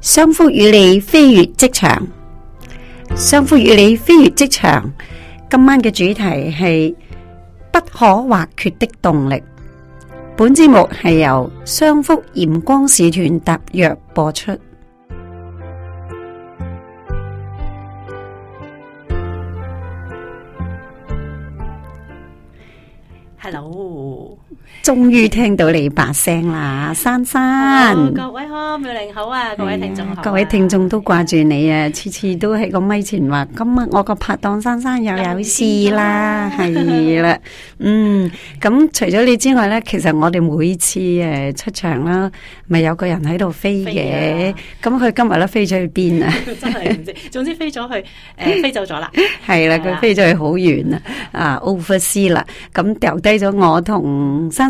商福與你飛越職場，商福與你飛越職場。今晚嘅主題係不可或缺的動力。本節目係由商福鹽光使團特約播出。終於聽到你把聲啦，珊珊。各位好，妙玲好啊，各位聽眾。各位聽眾都掛住你啊，次次都喺個咪前話，今日我個拍檔珊珊又有事啦，係啦。嗯，咁除咗你之外咧，其實我哋每次誒出場啦，咪有個人喺度飛嘅。咁佢今日咧飛咗去邊啊？真係唔知。總之飛咗去，誒飛走咗啦。係啦，佢飛咗去好遠啊。啊 Oversea 啦。咁掉低咗我同珊。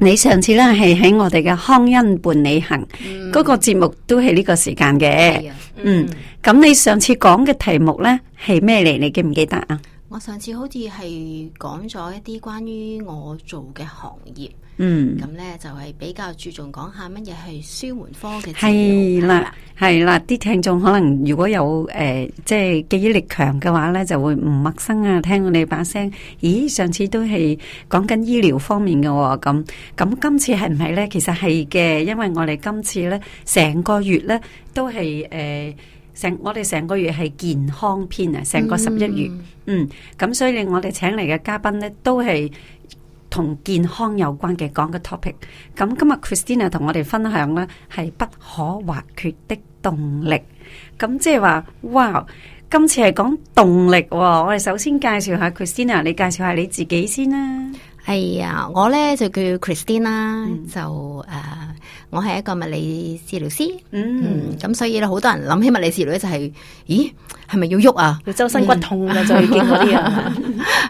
你上次咧係喺我哋嘅康恩伴你行嗰、嗯、個節目都係呢個時間嘅，啊、嗯，咁你上次講嘅題目咧係咩嚟？你記唔記得啊？我上次好似係講咗一啲關於我做嘅行業。嗯，咁咧就係比較注重講下乜嘢係舒緩科嘅治療係啦，係啦，啲聽眾可能如果有誒即係記憶力強嘅話咧，就會唔陌生啊，聽到你把聲，咦，上次都係講緊醫療方面嘅喎，咁咁今次係唔係咧？其實係嘅，因為我哋今次咧成個月咧都係誒，成我哋成個月係健康篇啊，成個十一月，嗯，咁所以令我哋請嚟嘅嘉賓咧都係。同健康有關嘅講嘅 topic，咁今日 Christina 同我哋分享呢，係不可或缺的動力，咁即係話哇，今次係講動力、哦，我哋首先介紹下 Christina，你介紹下你自己先啦。係、哎、呀，我呢就叫 Christina，、嗯、就誒。Uh, 我係一個物理治療師，嗯，咁、嗯、所以咧，好多人諗起物理治療咧，就係、是，咦，係咪要喐啊？要周身骨痛啊，就係嗰啲啊，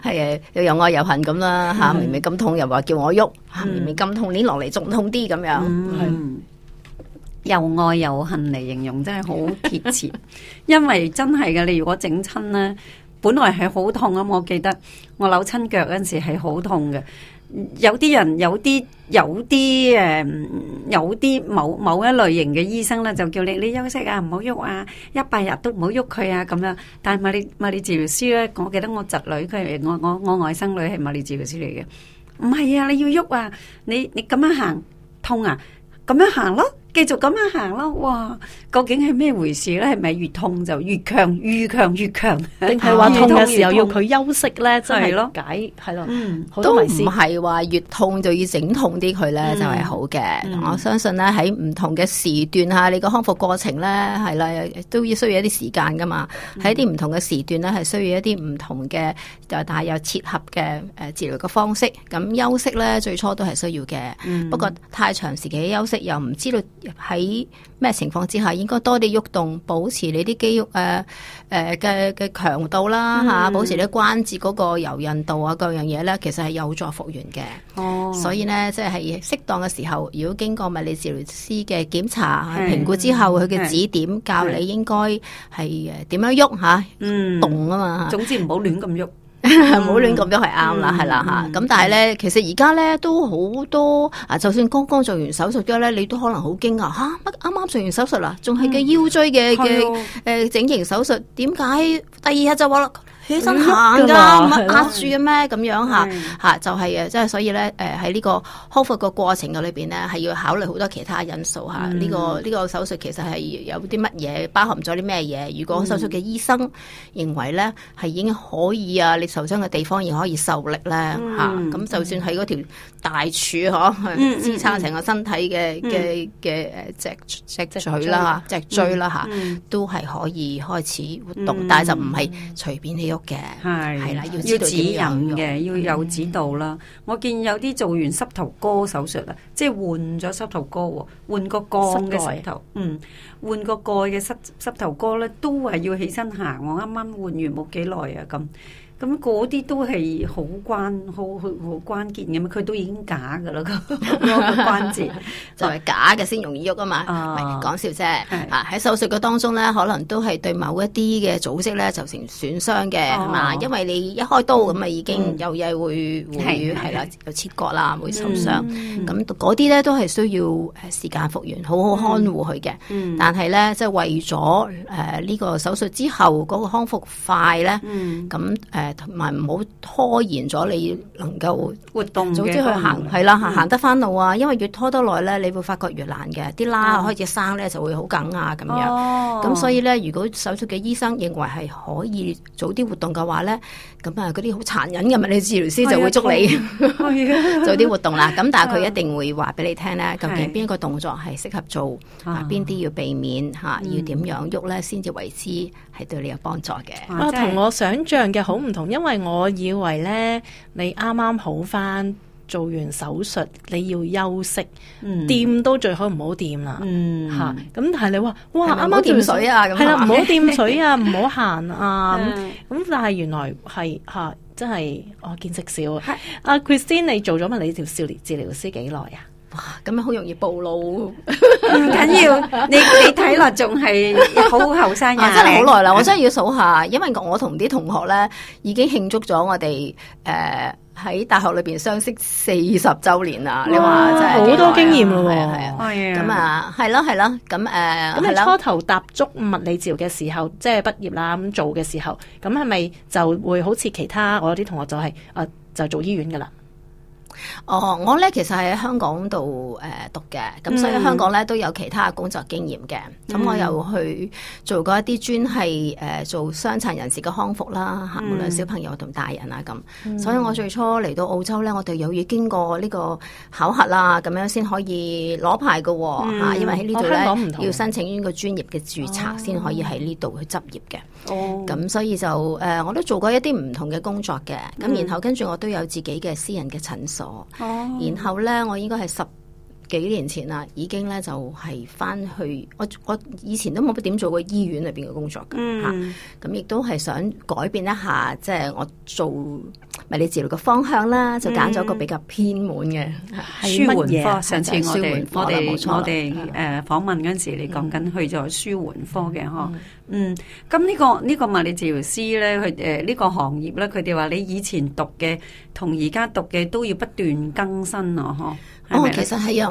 係啊、嗯，又又愛又恨咁啦，吓明明咁痛，又話叫我喐，明明咁痛，擰落嚟仲痛啲咁樣，又愛又恨嚟形容，真係好貼切， 因為真係嘅，你如果整親咧，本來係好痛啊，我記得我扭親腳嗰陣時係好痛嘅。有啲人有啲有啲誒，有啲某某一類型嘅醫生咧，就叫你你休息啊，唔好喐啊，一百日都唔好喐佢啊，咁樣。但係物理物理治療師咧，我記得我侄女佢我我我外甥女係物理治療師嚟嘅，唔係啊，你要喐啊，你你咁樣行痛啊，咁樣行咯。繼續咁樣行咯，哇！究竟係咩回事咧？係咪越痛就越強，越強越強？定係話痛嘅時候要佢休息咧，就係咯，解係咯，嗯、都唔係話越痛就要整痛啲佢咧，就係好嘅。嗯、我相信咧喺唔同嘅時段吓，你個康復過程咧係啦，都要需要一啲時間噶嘛。喺啲唔同嘅時段咧，係需要一啲唔同嘅，就但係有切合嘅誒治療嘅方式。咁休息咧，最初都係需要嘅。嗯、不過太長時間休息又唔知道。喺咩情況之下，應該多啲喐動，保持你啲肌肉誒誒嘅嘅強度啦嚇、啊，保持你啲關節嗰個柔韌度啊，各樣嘢咧，其實係有助復原嘅。哦，所以咧即係適當嘅時候，如果經過物理治療師嘅檢查、啊、是評估之後，佢嘅指點教你應該係誒點樣喐嚇，啊嗯、動啊嘛。總之唔好亂咁喐。唔好亂咁樣係啱啦，係啦吓，咁、嗯、但係咧，其實而家咧都好多啊，就算剛剛做完手術啫咧，你都可能驚、啊、好驚啊吓，乜啱啱做完手術啦，仲係嘅腰椎嘅嘅誒整形手術，點解、嗯、第二日就話啦？起身行㗎，唔係壓住嘅咩？咁樣嚇嚇就係誒，即係所以咧誒，喺呢個康復個過程嘅裏邊咧，係要考慮好多其他因素嚇。呢個呢個手術其實係有啲乜嘢包含咗啲咩嘢？如果手術嘅醫生認為咧係已經可以啊，你受傷嘅地方亦可以受力咧嚇，咁就算喺嗰條大柱嗬支撐成個身體嘅嘅嘅誒脊脊椎啦、脊椎啦嚇，都係可以開始活動，但係就唔係隨便你嘅係係啦，要指引嘅，要有指導啦。我見有啲做完膝頭哥手術啊，即係換咗膝頭哥喎，換個鋼嘅膝頭，嗯，換個蓋嘅膝膝頭哥咧，都係要起身行。我啱啱換完冇幾耐啊，咁。咁嗰啲都係好關、好、好、好關鍵嘅，佢都已經假噶啦，嗰個關節 就係假嘅先容易喐啊嘛，講、啊、笑啫。的啊喺手術嘅當中咧，可能都係對某一啲嘅組織咧就成損傷嘅係嘛，啊、因為你一開刀咁啊，已經有嘢會係啦，有切割啦，會受傷。咁嗰啲咧都係需要誒時間復原，好好看護佢嘅。但係咧，即、就、係、是、為咗誒呢個手術之後嗰、那個康復快咧，咁誒、嗯。嗯同埋唔好拖延咗，你能夠活動，早啲去行，係啦，行得返路啊！因為越拖多耐咧，你會發覺越難嘅，啲啦。開始生咧就會好緊啊咁樣。咁、哦、所以咧，如果手術嘅醫生認為係可以早啲活動嘅話咧，咁啊嗰啲好殘忍嘅物理治療師就會捉你、哎、呀捉你早啲、哎、呀 活動啦。咁但係佢一定會話俾你聽咧，究竟邊一個動作係適合做，邊啲是、啊、要避免嚇、啊，要點樣喐咧先至為之。嗯係對你有幫助嘅，啊，同我想象嘅好唔同，嗯、因為我以為咧，你啱啱好翻做完手術，你要休息，掂都最好唔好掂啦，嗯，吓，咁但係你話，哇，啱啱掂水啊，係啦樣，唔好掂水啊，唔好行啊，咁咁、 嗯，但係原來係吓，真係我見識少，係的，阿 Kristin，、ah, 你做咗乜？你條少年治療師幾耐啊？咁樣好容易暴露，唔緊要。你你睇落仲係好後生，真係好耐啦。 我真係要數下，因為我同啲同學咧已經慶祝咗我哋誒喺大學裏邊相識四十週年啦。哇你話真係好多經驗咯，係啊，係啊，咁啊，係咯係咯。咁誒，咁你初頭踏足物理治療嘅時候，即係畢業啦，咁做嘅時候，咁係咪就會好似其他我有啲同學就係、是、誒、啊、就做醫院噶啦？哦，我咧其實係喺香港度誒讀嘅，咁所以香港咧都有其他嘅工作經驗嘅。咁我又去做過一啲專係誒做傷殘人士嘅康復啦，嚇，無論小朋友同大人啊咁。所以我最初嚟到澳洲咧，我哋又要經過呢個考核啦，咁樣先可以攞牌嘅喎，嚇，因為喺呢度咧要申請呢個專業嘅註冊先可以喺呢度去執業嘅。哦，咁所以就誒，我都做過一啲唔同嘅工作嘅，咁然後跟住我都有自己嘅私人嘅診所。哦，oh. 然後咧，我應該係十。幾年前啦，已經咧就係返去我我以前都冇乜點做過醫院裏邊嘅工作㗎吓，咁亦都係想改變一下，即係我做物理治療嘅方向啦，就揀咗個比較偏門嘅舒緩科。上次我哋我哋冇錯我哋誒訪問嗰陣時，你講緊去咗舒緩科嘅呵。嗯，咁呢個呢個物理治療師咧，佢誒呢個行業咧，佢哋話你以前讀嘅同而家讀嘅都要不斷更新咯，呵。哦，其實係啊，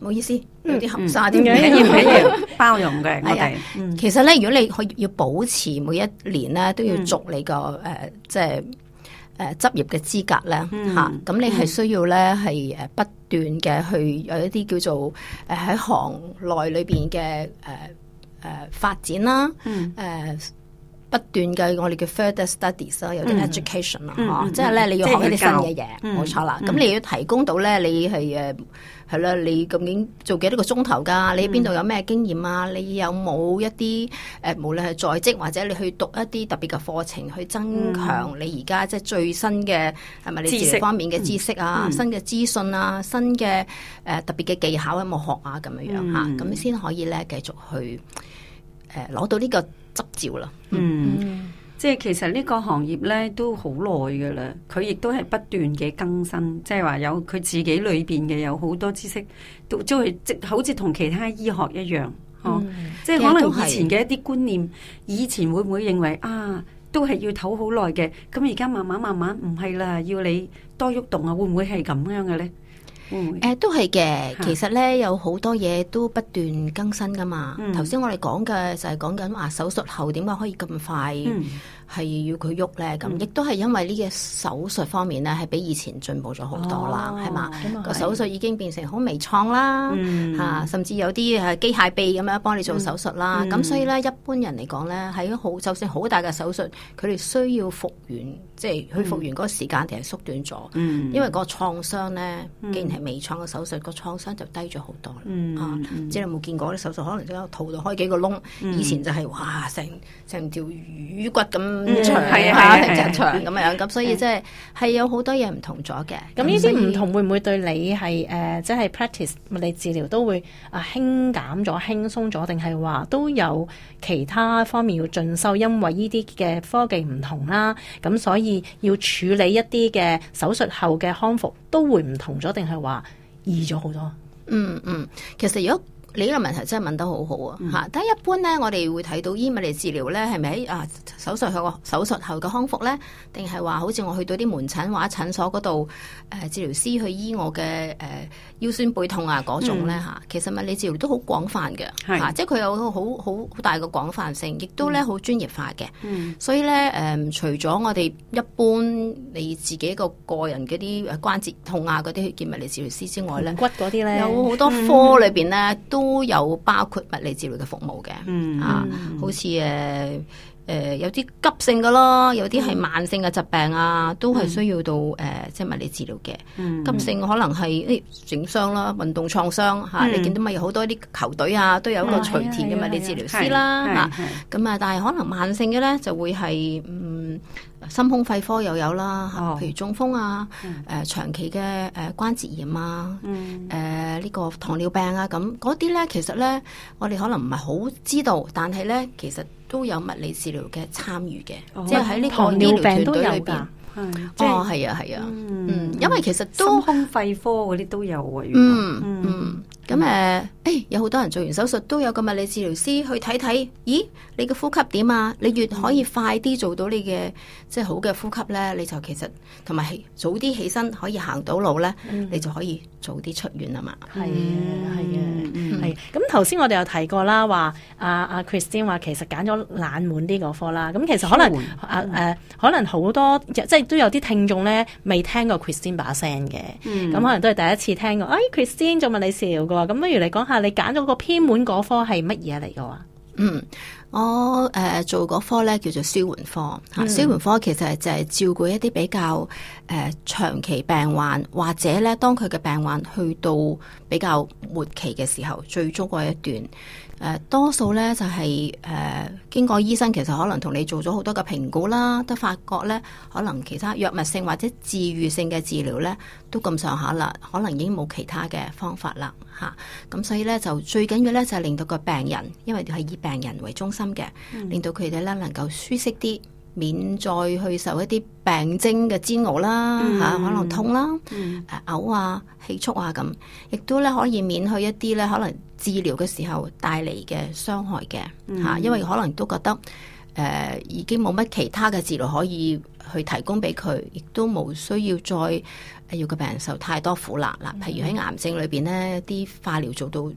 唔好意思，有啲含沙啲嘅，唔緊要，包容嘅，我哋。其實咧，如果你去要保持每一年咧都要續你個誒，即係誒執業嘅資格咧嚇，咁你係需要咧係誒不斷嘅去有一啲叫做誒喺行內裏邊嘅誒誒發展啦，誒。不斷嘅我哋嘅 Further Studies、mm hmm。啊，有啲 Education 啊，即係咧你要學一啲新嘅嘢，冇錯啦。咁、嗯、你要提供到咧，你係誒係啦，你究竟做幾多個鐘頭㗎？你邊度有咩經驗啊？你有冇一啲誒、呃，無論係在職或者你去讀一啲特別嘅課程，去增強你而家即係最新嘅係咪？知識方面嘅知識啊，識嗯、新嘅資訊啊，新嘅誒、呃、特別嘅技巧有冇學啊？咁樣、嗯啊啊、樣嚇，咁先可以咧繼續去。誒，攞到呢個執照啦。嗯，嗯，即係其實呢個行業咧都好耐噶啦，佢亦都係不斷嘅更新，即係話有佢自己裏邊嘅有好多知識，都即係即好似同其他醫學一樣，哦、啊、嗯、即係可能以前嘅一啲觀念、嗯、觀念，以前會唔會認為啊，都係要唞好耐嘅？咁而家慢慢慢慢唔係啦，要你多喐動啊，會唔會係咁樣嘅咧？誒、嗯呃、都係嘅，是其實咧有好多嘢都不斷更新㗎嘛。頭先、嗯、我哋講嘅就係講緊話手術後點解可以咁快。嗯係要佢喐咧，咁亦都係因為呢個手術方面咧，係比以前進步咗好多啦，係嘛？個手術已經變成好微創啦，嚇、嗯啊，甚至有啲係機械臂咁樣幫你做手術啦。咁、嗯、所以咧，一般人嚟講咧，喺好就算好大嘅手術，佢哋需要復原，即係佢復原嗰個、嗯、時間定係縮短咗，嗯、因為個創傷咧，既然係微創嘅手術，個創傷就低咗好多啦。嚇、嗯啊，即係你冇見過啲手術，可能喺個肚度開幾個窿，以前就係、是、哇，成成條魚骨咁。嗯、長係啊，成日長咁樣，咁所以即係係有好多嘢唔同咗嘅。咁呢啲唔同會唔會對你係誒，即、呃、係、即係、practice 物理治療都會啊輕減咗、輕鬆咗，定係話都有其他方面要進修？因為呢啲嘅科技唔同啦，咁所以要處理一啲嘅手術後嘅康復都會唔同咗，定係話易咗好多？嗯嗯，其實如果。你呢個問題真係問得好好啊！嚇、嗯，但係一般咧，我哋會睇到醫物理治療咧，係咪啊手術後嘅手術後嘅康復咧？定係話好似我去到啲門診或者診所嗰度，誒、呃、治療師去醫我嘅誒、呃、腰酸背痛啊嗰種咧嚇？嗯、其實物理治療都好廣泛嘅，嚇是、啊，即係佢有好好好大嘅廣泛性，亦都咧好、嗯、專業化嘅。嗯、所以咧誒、嗯，除咗我哋一般你自己個個人嗰啲關節痛啊嗰啲，去見物理治療師之外咧，骨嗰啲咧有好多科裏邊咧都。都有包括物理治療嘅服務嘅，嗯，啊，好似誒。Uh, 誒有啲急性嘅咯，有啲係慢性嘅疾病啊，都係需要到誒即物理治療嘅。急性可能係誒整傷啦，運動創傷嚇。你見到咪有好多啲球隊啊，都有一個隨團嘅物理治療師啦，嚇。咁啊，但係可能慢性嘅咧就會係嗯心胸肺科又有啦嚇，譬如中風啊，誒長期嘅誒關節炎啊，誒呢個糖尿病啊咁嗰啲咧，其實咧我哋可能唔係好知道，但係咧其實。都有物理治療嘅參與嘅，哦、即係喺呢個醫療團隊裏邊。係啊係啊。哦、係嗯，嗯因為其實都胸肺科嗰啲都有喎、啊。嗯嗯，咁誒，誒有好多人做完手術都有個物理治療師去睇睇，咦，你嘅呼吸點啊？你越可以快啲做到你嘅即係好嘅呼吸咧，你就其實同埋早啲起身可以行到路咧，你就可以。嗯早啲出院啊嘛！係啊，係啊，係。咁頭先我哋又提過啦，話阿阿 Christine 話其實揀咗冷門啲嗰科啦。咁其實可能緩啊誒、啊啊，可能好多即係都有啲聽眾咧未聽過 Christine 把聲嘅。咁、嗯、可能都係第一次聽過。哎，Christine 仲問你笑嘅。咁不如你講下你揀咗個偏門嗰科係乜嘢嚟嘅？嗯，我誒、呃、做嗰科咧叫做舒緩科吓，嗯、舒緩科其實就係照顧一啲比較。誒、呃、長期病患，或者咧當佢嘅病患去到比較末期嘅時候，最終嗰一段，誒、呃、多數呢就係、是、誒、呃、經過醫生其實可能同你做咗好多嘅評估啦，都發覺呢，可能其他藥物性或者治愈性嘅治療呢都咁上下啦，可能已經冇其他嘅方法啦，嚇、啊。咁所以呢，就最緊要呢，就係、是、令到個病人，因為係以病人為中心嘅，嗯、令到佢哋呢能夠舒適啲。免再去受一啲病徵嘅煎熬啦，嚇，可能痛啦，誒嘔啊、氣促啊咁，亦都咧可以免去一啲咧可能治療嘅時候帶嚟嘅傷害嘅嚇，因為可能都覺得誒已經冇乜其他嘅治療可以去提供俾佢，亦都冇需要再要個病人受太多苦難啦。譬如喺癌症裏邊呢啲化療做到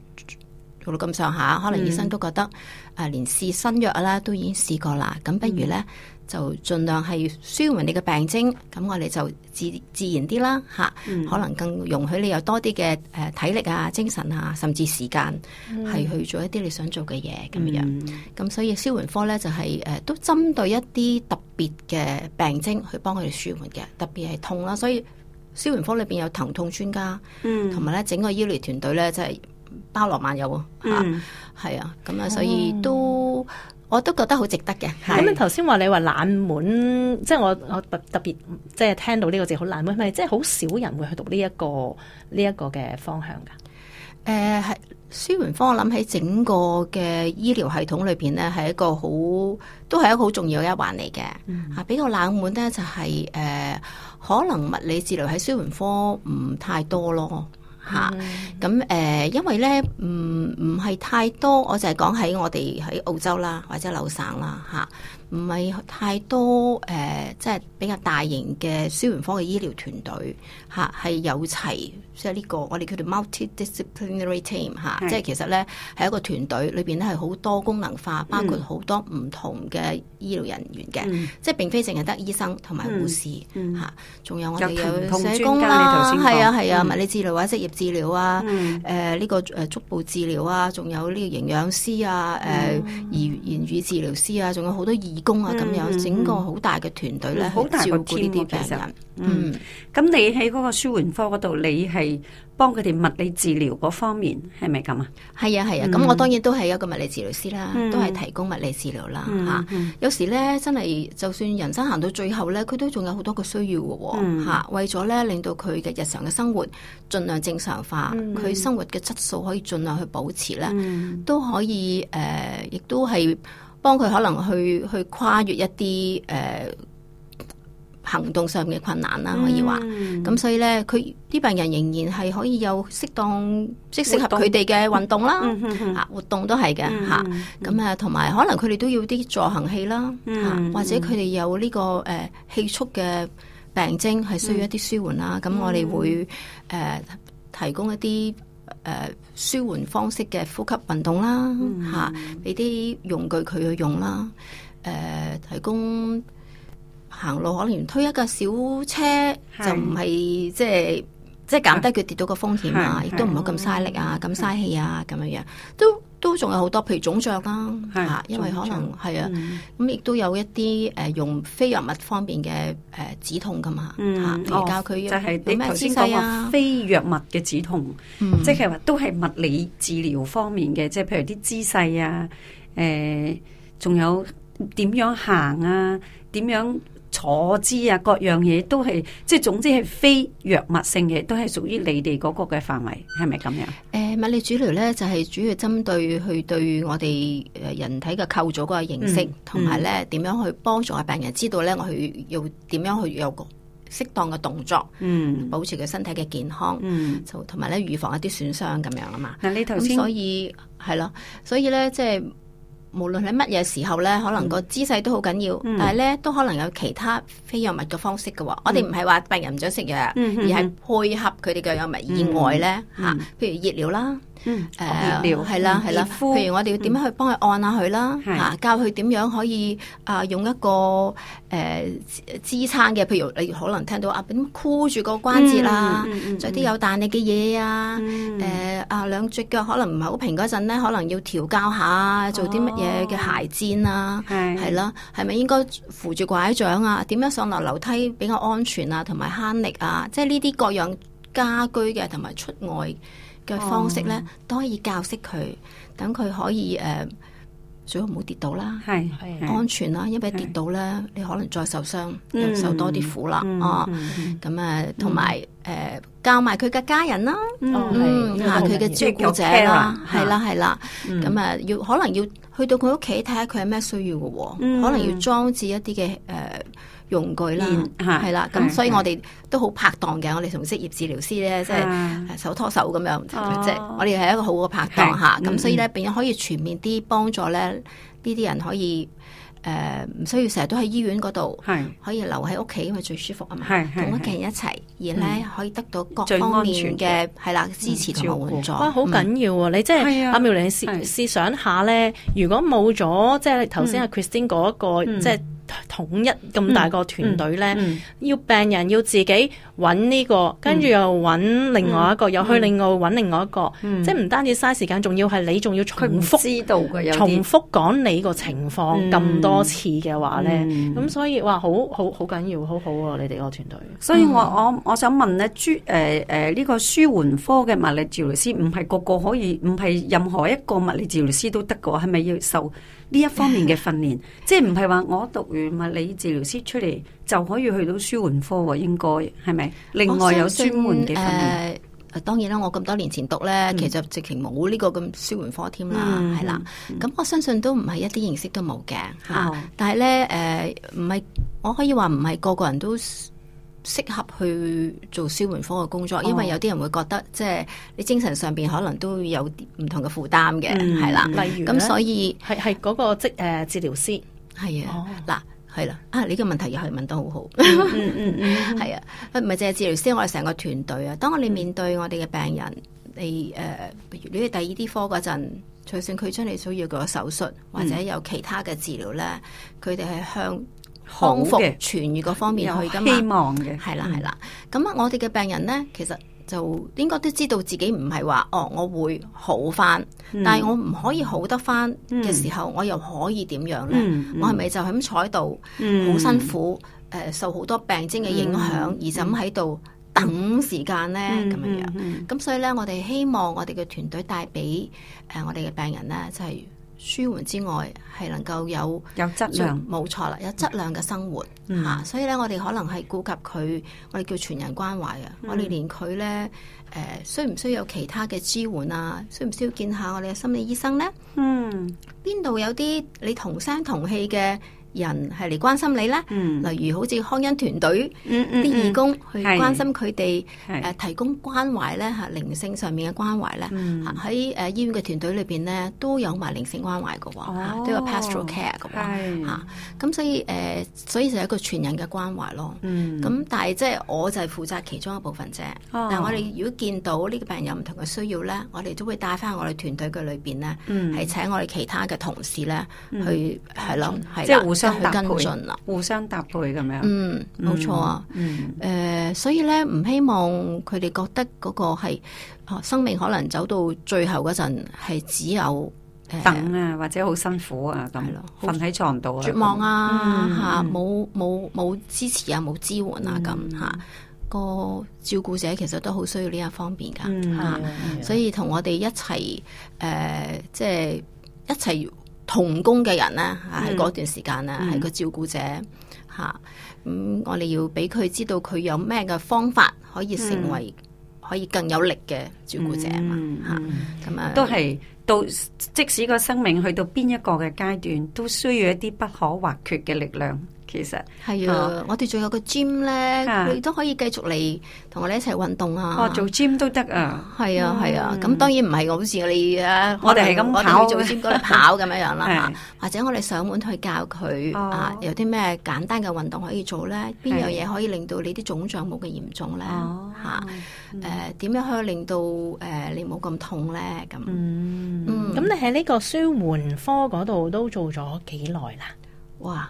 做到咁上下，able, mm. 可能醫生都覺得誒連試新藥啦都已經試過啦，咁不如呢。就盡量係舒緩你嘅病徵，咁我哋就自自然啲啦嚇，啊嗯、可能更容許你有多啲嘅誒體力啊、精神啊，甚至時間係去做一啲你想做嘅嘢咁樣。咁、嗯、所以消炎科呢，就係、是、誒、啊、都針對一啲特別嘅病徵去幫佢哋舒緩嘅，特別係痛啦。所以消炎科裏邊有疼痛專家，同埋咧整個醫療團隊咧就係、是、包羅萬有啊，係、嗯、啊，咁啊、嗯，所以都。嗯我都覺得好值得嘅。咁你頭先話你話冷門，即係我我特別即係聽到呢個字好冷門，咪即係好少人會去讀呢一個呢一個嘅方向嘅。誒係，舒緩科我諗喺整個嘅醫療系統裏邊咧，係一個好都係一個好重要嘅一環嚟嘅。啊，比較冷門咧就係誒，可能物理治療喺舒緩科唔太多咯。吓，咁誒因為咧，唔唔係太多，我就係講喺我哋喺澳洲啦，或者紐省啦，吓唔係太多，誒即係比較大型嘅舒緩科嘅醫療團隊，吓係有齊，即係呢個我哋叫做 multi-disciplinary team 吓即係其實咧係一個團隊裏邊咧係好多功能化，包括好多唔同嘅醫療人員嘅，即係並非淨係得醫生同埋護士，吓仲有我哋嘅社工啦，係啊係啊，物理治療或者職業治療啊，誒呢、嗯、個誒足部治療啊，仲有呢個營養師啊，誒言、嗯、言語治療師啊，仲有好多義工啊咁、嗯、樣，整個好大嘅團隊咧去、嗯、照顧呢啲病人。Team，嗯，咁你喺嗰個舒緩科嗰度，你係。幫佢哋物理治療嗰方面係咪咁啊？係啊，係啊，咁我當然都係一個物理治療師啦，嗯、都係提供物理治療啦吓、嗯嗯啊。有時咧，真係就算人生行到最後咧，佢都仲有好多個需要嘅喎吓。為咗咧令到佢嘅日常嘅生活盡量正常化，佢、嗯、生活嘅質素可以盡量去保持咧，嗯、都可以誒、呃，亦都係幫佢可能去去跨越一啲誒。呃行動上嘅困難啦，可以話，咁、嗯、所以呢，佢啲病人仍然係可以有適當即係適合佢哋嘅運動啦，啊活動都係嘅嚇，咁、 嗯、啊同埋、嗯、可能佢哋都要啲助行器啦，嚇、嗯、或者佢哋有呢、這個誒、呃、氣促嘅病徵係需要一啲舒緩啦，咁、嗯、我哋會誒、呃、提供一啲誒、呃、舒緩方式嘅呼吸運動啦，嚇，俾啲用具佢去用啦，誒、呃、提供。行路可能推一架小車就唔係即係即係減低佢跌到個風險啊，亦都唔好咁嘥力啊，咁嘥氣啊咁樣樣，都都仲有好多，譬如腫脹啦吓，因為可能係啊，咁亦都有一啲誒用非藥物方面嘅誒止痛㗎嘛，吓嚟教佢。就係你頭先講話非藥物嘅止痛，即係話都係物理治療方面嘅，即係譬如啲姿勢啊，誒，仲有點樣行啊，點樣？坐姿啊，各樣嘢都係，即係總之係非藥物性嘅，都係屬於你哋嗰個嘅範圍，係咪咁樣？誒，物理治療咧就係、是、主要針對去對我哋誒人體嘅構造嘅認識，同埋咧點樣去幫助阿病人知道咧，我去要點樣去有適當嘅動作，嗯，保持佢身體嘅健康，嗯，就同埋咧預防一啲損傷咁樣啊嘛。嗱，你頭先，所以係咯，所以咧即係。無論喺乜嘢時候咧，可能個姿勢都好緊要，嗯、但係咧都可能有其他非藥物嘅方式嘅喎。嗯、我哋唔係話病人唔想食藥，嗯、而係配合佢哋嘅藥物以外咧吓、嗯嗯啊，譬如熱療啦。嗯，誒，係啦，係啦呼，譬如我哋要點樣去幫佢按下佢啦，嚇、嗯啊、教佢點樣可以啊用一個誒、呃、支撐嘅，譬如你可能聽到啊，點箍住個關節啦、啊，著啲、嗯嗯嗯、有彈力嘅嘢啊，誒、嗯、啊兩隻腳可能唔係好平嗰陣咧，可能要調校下，做啲乜嘢嘅鞋墊啊，係係、哦、是啦，係咪應該扶住拐杖啊？點樣上落樓梯比較安全啊，同埋慳力啊？即係呢啲各樣家居嘅同埋出外嘅方式咧，oh. 都可以教識佢，uh，等佢可以誒，最好唔好跌倒啦，係，安全啦，因為跌倒咧，你可能再受傷，又受多啲苦啦，哦，咁啊，同埋誒教埋佢嘅家人啦，嗯，嚇佢嘅照顧者啦，係啦係啦，咁啊，要可能要去到佢屋企睇下佢係咩需要嘅喎，可能要裝置一啲嘅誒。呃 Private rats 用具啦，係啦，咁所以我哋都好拍檔嘅。我哋同職業治療師咧，即係手拖手咁樣，即係我哋係一個好嘅拍檔嚇。咁所以咧，變咗可以全面啲幫助咧，呢啲人可以誒唔需要成日都喺醫院嗰度，可以留喺屋企，因為最舒服啊嘛，同屋企人一齊，而咧可以得到各方面嘅係啦支持同埋援助。哇，好緊要喎！你即係阿妙玲試試想下咧，如果冇咗即係頭先阿 Christine 嗰個即係。統一咁大個團隊呢，要病人要自己揾呢個，跟住又揾另外一個，又去另外揾另外一個，即係唔單止嘥時間，仲要係你仲要重複知道重複講你個情況咁多次嘅話呢。咁所以話好好好緊要，好好啊！你哋個團隊，所以我我我想問呢，誒誒呢個舒緩科嘅物理治療師唔係個個可以，唔係任何一個物理治療師都得嘅，係咪要受？呢一方面嘅訓練，即係唔係話我讀完物理治療師出嚟就可以去到舒緩科，應該係咪？另外有專門嘅訓練。誒、呃，當然啦，我咁多年前讀呢，嗯、其實直情冇呢個咁舒緩科添啦，係啦。咁我相信都唔係一啲認識都冇嘅吓，但係呢，誒、呃，唔係我可以話唔係個個人都。適合去做紓緩科嘅工作，因為有啲人會覺得、oh. 即係你精神上邊可能都會有唔同嘅負擔嘅，係啦、mm。Hmm. 的例如咁，所以係係嗰個職治療師係的、oh. 啊，嗱係啦，啊你嘅問題又係問得好好，嗯嗯嗯，係、hmm. 啊， 唔係淨係治療師，我哋成個團隊啊。當我哋面對我哋嘅病人，mm hmm. 你誒，呃、如你哋第二啲科嗰陣，就算佢將你需要個手術或者有其他嘅治療咧，佢哋係向。康復痊愈嗰方面去噶嘛，有希望嘅，係啦係啦。咁啊，我哋嘅病人咧，其實就應該都知道自己唔係話哦，我會好翻、mm，hmm. 但係我唔可以好得翻嘅時候，mm hmm. 我又可以點樣咧？Mm hmm. 我係咪就係咁坐喺度好辛苦？誒、呃，受好多病徵嘅影響，mm hmm. 而就咁喺度等時間咧，咁樣樣。咁所以咧，我哋希望我哋嘅團隊帶俾誒我哋嘅病人咧，即係。舒緩之外，係能夠有有質量，冇錯啦，有質量嘅生活嚇、嗯啊。所以咧，我哋可能係顧及佢，我哋叫全人關懷啊。嗯、我哋連佢咧，誒、呃，需唔需要有其他嘅支援啊？需唔需要見下我哋嘅心理醫生咧？嗯，邊度有啲你同聲同氣嘅？人係嚟關心你啦，例如好似康恩團隊啲義工去關心佢哋，誒提供關懷咧嚇，靈性上面嘅關懷咧嚇，喺誒醫院嘅團隊裏邊咧，都有埋靈性關懷嘅喎，都有 pastoral care 噶喎，咁所以誒，所以就係一個全人嘅關懷咯。咁但係即係我就係負責其中一部分啫。但係我哋如果見到呢個病人有唔同嘅需要咧，我哋都會帶翻我哋團隊嘅裏邊咧，係請我哋其他嘅同事咧去係咯，係啦。即係好跟進啦，互相搭配咁樣。嗯，冇錯啊。誒，所以咧唔希望佢哋覺得嗰個係，生命可能走到最後嗰陣係只有等啊，或者好辛苦啊咁。係咯，瞓喺床度。啊，絕望啊！嚇，冇冇冇支持啊，冇支援啊咁嚇。個照顧者其實都好需要呢一方面㗎嚇，所以同我哋一齊誒，即係一齊。同工嘅人呢，喺嗰、嗯、段時間呢，係、嗯、個照顧者嚇。咁、嗯、我哋要俾佢知道佢有咩嘅方法可以成為可以更有力嘅照顧者啊嘛嚇。咁啊，都係到即使個生命去到邊一個嘅階段，都需要一啲不可或缺嘅力量。其實係啊，我哋仲有個 gym 咧，佢都可以繼續嚟同我哋一齊運動啊。做 gym 都得啊。係啊，係啊。咁當然唔係咁事啊，我哋係咁跑，我哋做 gym 嗰度跑咁樣樣啦。或者我哋上門去教佢啊，有啲咩簡單嘅運動可以做咧？邊樣嘢可以令到你啲腫脹冇咁嚴重咧？吓，誒，點樣可以令到誒你冇咁痛咧？咁，咁你喺呢個舒緩科嗰度都做咗幾耐啦？哇！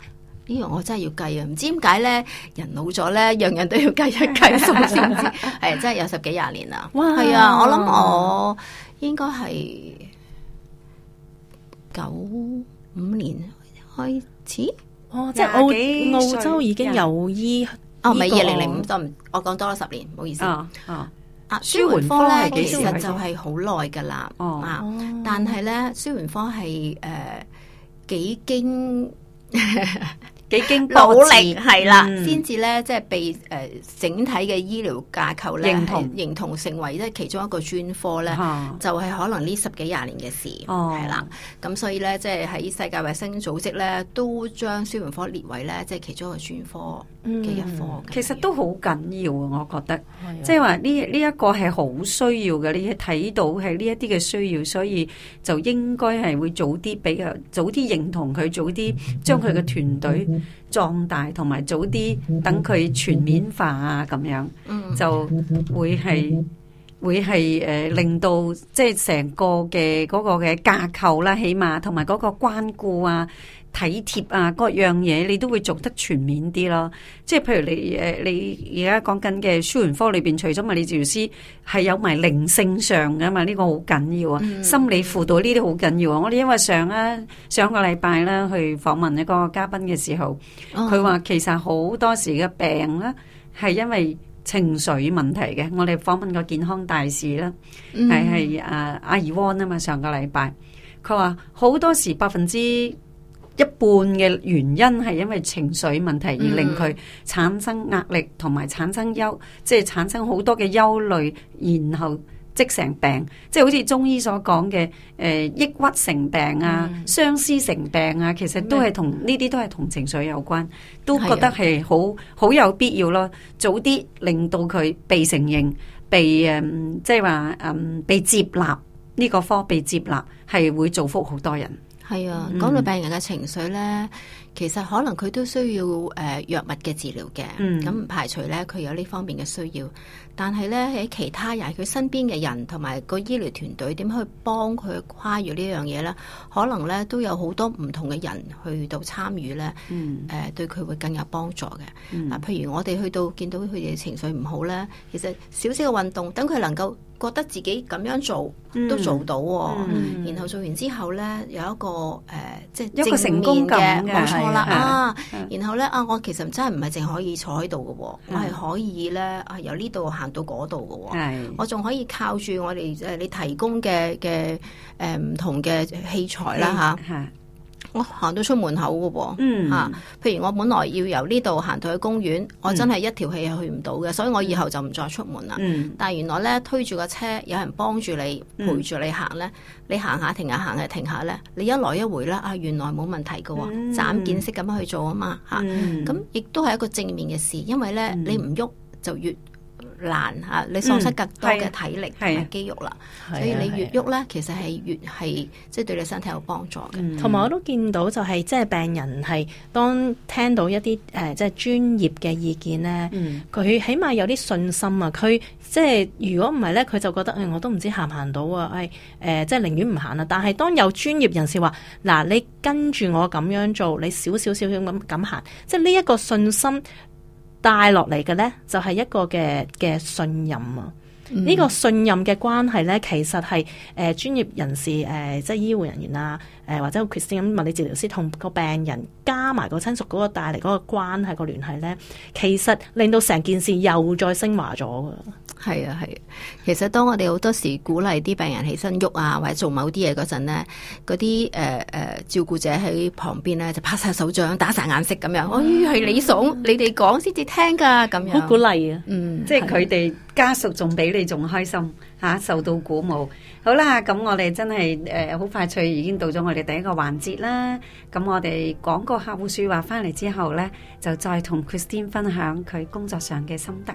呢我真係要計啊！唔知點解咧，人老咗咧，樣樣都要計一計數先知 真係有十幾廿年啦。係啊哇，我諗我應該係九五年開始，哇、哦！即係澳澳洲已經有醫、這個、哦，唔係二零零五就唔，5，我講多咗十年，唔好意思啊舒緩、啊啊、科咧其實就係好耐㗎啦，哦、啊！但係咧舒緩科係誒、呃、幾經。 已經努力係啦，先至咧，即係被誒、呃、整體嘅醫療架構咧認同，認同成為咧其中一個專科咧，啊、就係可能呢十幾廿年嘅事係啦。咁、啊、所以咧，即係喺世界衛生組織咧，都將輸血科列為咧即係其中一個專科嘅一科。嗯、是其實都好緊要啊，我覺得，即係話呢呢一個係好需要嘅。你睇到係呢一啲嘅需要，所以就應該係會早啲比較早啲認同佢，早啲將佢嘅團隊。 壯大同埋早啲等佢全面化啊，咁樣、嗯、就會係會係誒、呃，令到即係成個嘅嗰個嘅架構啦，起碼同埋嗰個關顧啊。體貼啊，各樣嘢你都會做得全面啲咯。即係譬如你誒，你而家講緊嘅舒緩科裏邊，除咗物理治療師係有埋靈性上㗎嘛，呢個好緊要啊。心理輔導呢啲好緊要啊。我哋因為上啊上個禮拜啦去訪問一個嘉賓嘅時候，佢話其實好多時嘅病咧係因為情緒問題嘅。我哋訪問個健康大使啦，係係啊阿爾翁啊嘛，上個禮拜佢話好多時百分之一半嘅原因係因為情緒問題而令佢產生壓力同埋產生憂，嗯、即係產生好多嘅憂慮，然後積成病。即係好似中醫所講嘅，誒、呃、抑鬱成病啊，相思、嗯、成病啊，其實都係同呢啲都係同情緒有關，都覺得係好好有必要咯。早啲令到佢被承認、被誒、呃，即係話誒被接納呢個科被接納，係、這個、會造福好多人。係啊，講到病人嘅情緒呢，其實可能佢都需要誒呃、藥物嘅治療嘅，咁嗯、唔排除呢，佢有呢方面嘅需要。但係咧，喺其他人，佢身邊嘅人同埋個醫療團隊點去幫佢跨越樣呢樣嘢咧？可能咧都有好多唔同嘅人去到參與咧，誒對佢會更有幫助嘅。啊，譬如我哋去到見到佢哋情緒唔好咧，mm. 其實少少嘅運動，等佢能夠覺得自己咁樣做都做到喎、哦。Mm. 然後做完之後咧，有一個誒即係一個成功嘅，冇錯啦啊！然後咧啊，我其實真係唔係淨可以坐喺度嘅，我係可以咧係由呢度行到度嘅，我仲可以靠住我哋誒，你提供嘅嘅誒唔同嘅器材啦，吓我行到出門口嘅喎，吓。譬如我本來要由呢度行到去公園，我真係一條氣去唔到嘅，所以我以後就唔再出門啦。但係原來咧推住個車，有人幫住你陪住你行咧，你行下停下，行下停下咧，你一來一回咧啊，原來冇問題嘅，斬件式咁樣去做啊嘛吓。咁亦都係一個正面嘅事，因為咧你唔喐就越。難嚇，你喪失更多嘅體力同埋、嗯、肌肉啦，是所以你越喐咧，啊啊、其實係越係即係對你身體有幫助嘅、嗯。同埋我都見到就係即係病人係當聽到一啲誒即係專業嘅意見咧，佢、嗯、起碼有啲信心啊！佢即係如果唔係咧，佢就覺得誒、哎、我都唔知行唔行到啊！誒誒即係寧願唔行啦、啊。但係當有專業人士話嗱，你跟住我咁樣做，你少少少少咁咁行，即係呢一個信心。帶落嚟嘅咧，就係、是、一個嘅嘅信任啊！呢、嗯、個信任嘅關係咧，其實係誒專業人士誒、呃，即係醫護人員啊，誒、呃、或者好決咁物理治療師同個病人加埋個親屬嗰個帶嚟嗰個關係、個聯繫咧，其實令到成件事又再升華咗㗎。係啊，係、啊。其實當我哋好多時鼓勵啲病人起身喐啊，或者做某啲嘢嗰陣呢，嗰啲誒誒照顧者喺旁邊呢，就拍晒手掌、打晒眼色咁樣。哎，係你爽，嗯、你哋講先至聽噶，咁樣好鼓勵啊。嗯，啊、即係佢哋家屬仲比你仲開心吓、啊，受到鼓舞。好啦，咁我哋真係誒好快脆已經到咗我哋第一個環節啦。咁我哋講個客戶說話翻嚟之後呢，就再同 Christine 分享佢工作上嘅心得。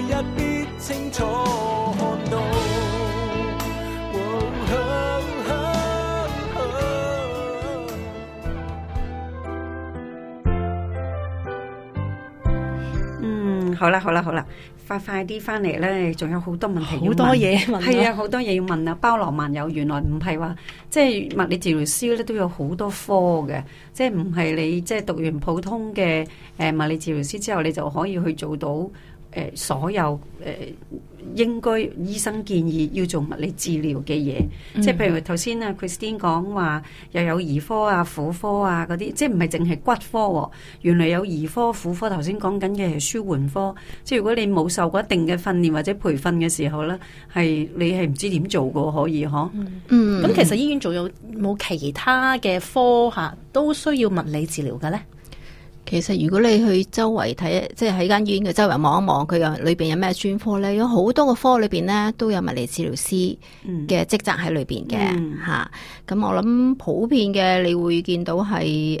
一必清楚看到，嗯，好啦，好啦，好啦，快快啲翻嚟啦！仲有好多問題，好多嘢問，係啊，好多嘢要問啊！包羅萬有，原來唔係話即係物理治療師咧，都有好多科嘅，即係唔係你即係讀完普通嘅誒物理治療師之後，你就可以去做到。誒、呃、所有誒、呃、應該醫生建議要做物理治療嘅嘢，嗯、即係譬如頭先啊 Kristin 講話又有兒科啊、婦科啊嗰啲，即係唔係淨係骨科喎，啊？原來有兒科、婦科，頭先講緊嘅係舒緩科，即係如果你冇受過一定嘅訓練或者培訓嘅時候咧，係你係唔知點做過可以嗬，嗯，咁、嗯嗯、其實醫院仲有冇其他嘅科嚇都需要物理治療嘅咧？其實如果你去周圍睇，即係喺間醫院嘅周圍望一望，佢有裏邊有咩專科呢？有好多個科裏邊呢，都有物理治療師嘅職責喺裏邊嘅吓。咁、嗯啊、我諗普遍嘅你會見到係誒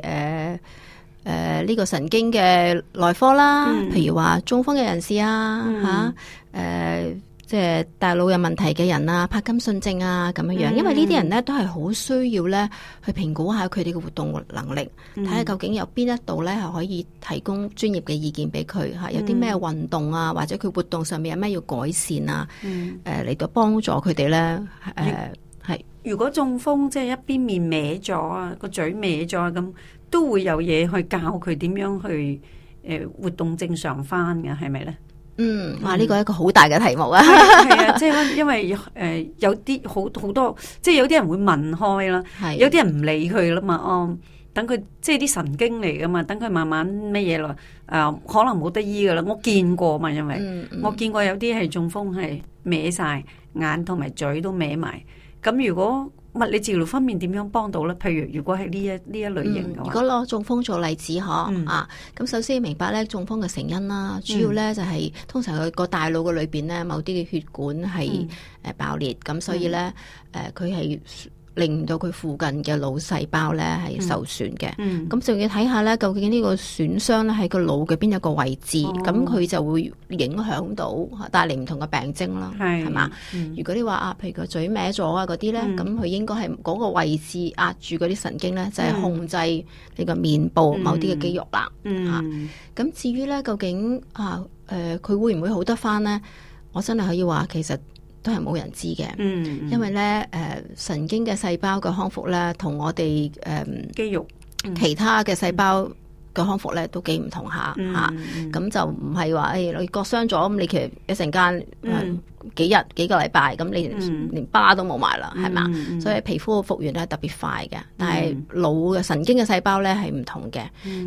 誒呢個神經嘅內科啦，譬、嗯、如話中風嘅人士啊吓誒。嗯啊呃即係大腦有問題嘅人啊，帕金遜症啊，咁樣樣，因為呢啲人咧都係好需要咧去評估下佢哋嘅活動能力，睇下、嗯、究竟有邊一度咧係可以提供專業嘅意見俾佢吓，嗯、有啲咩運動啊，或者佢活動上面有咩要改善啊，誒嚟到幫助佢哋咧，誒、呃、係。如果中風即係、就是、一邊面歪咗啊，個嘴歪咗咁，都會有嘢去教佢點樣去誒、呃、活動正常翻嘅，係咪咧？嗯，哇！呢個係一個好大嘅題目啊，係啊、嗯，即係 因為誒有啲好好多，即係有啲人會問開啦，係，有啲人唔理佢啦嘛，哦、嗯，等佢即係啲神經嚟噶嘛，等佢慢慢咩嘢咯，啊、呃，可能冇得醫噶啦，我見過嘛，因為、嗯嗯、我見過有啲係中風係歪晒眼同埋嘴都歪埋，咁如果。物理治療方面點樣幫到咧？譬如如果係呢一呢一類型嘅、嗯，如果攞中風做例子嗬，嗯、啊，咁首先明白咧中風嘅成因啦，主要咧、嗯、就係、是、通常佢個大腦嘅裏邊咧某啲嘅血管係誒爆裂，咁、嗯、所以咧誒佢係。嗯呃令到佢附近嘅腦細胞咧係受損嘅，咁仲、嗯、要睇下咧，究竟個損傷呢個損傷咧喺個腦嘅邊一個位置，咁佢、哦、就會影響到，帶嚟唔同嘅病徵啦，係嘛？如果你話啊，譬如個嘴歪咗啊嗰啲咧，咁佢、嗯、應該係嗰個位置壓住嗰啲神經咧，就係、是、控制你個面部某啲嘅肌肉啦，嚇、嗯。咁、嗯嗯嗯、至於咧，究竟啊，誒、呃，佢會唔會好得翻咧？我真係可以話，其實。都係冇人知嘅，嗯嗯、因為咧，誒、呃，神經嘅細胞嘅康復咧，同我哋誒、呃、肌肉、嗯、其他嘅細胞嘅康復咧，都幾唔同下吓，咁、嗯嗯啊、就唔係話誒你割傷咗，咁你其實一陣間。嗯嗯幾日幾個禮拜咁，你連疤都冇埋啦，係嘛、嗯？吧所以皮膚嘅復原都係特別快嘅，嗯、但係腦嘅神經嘅細胞咧係唔同嘅。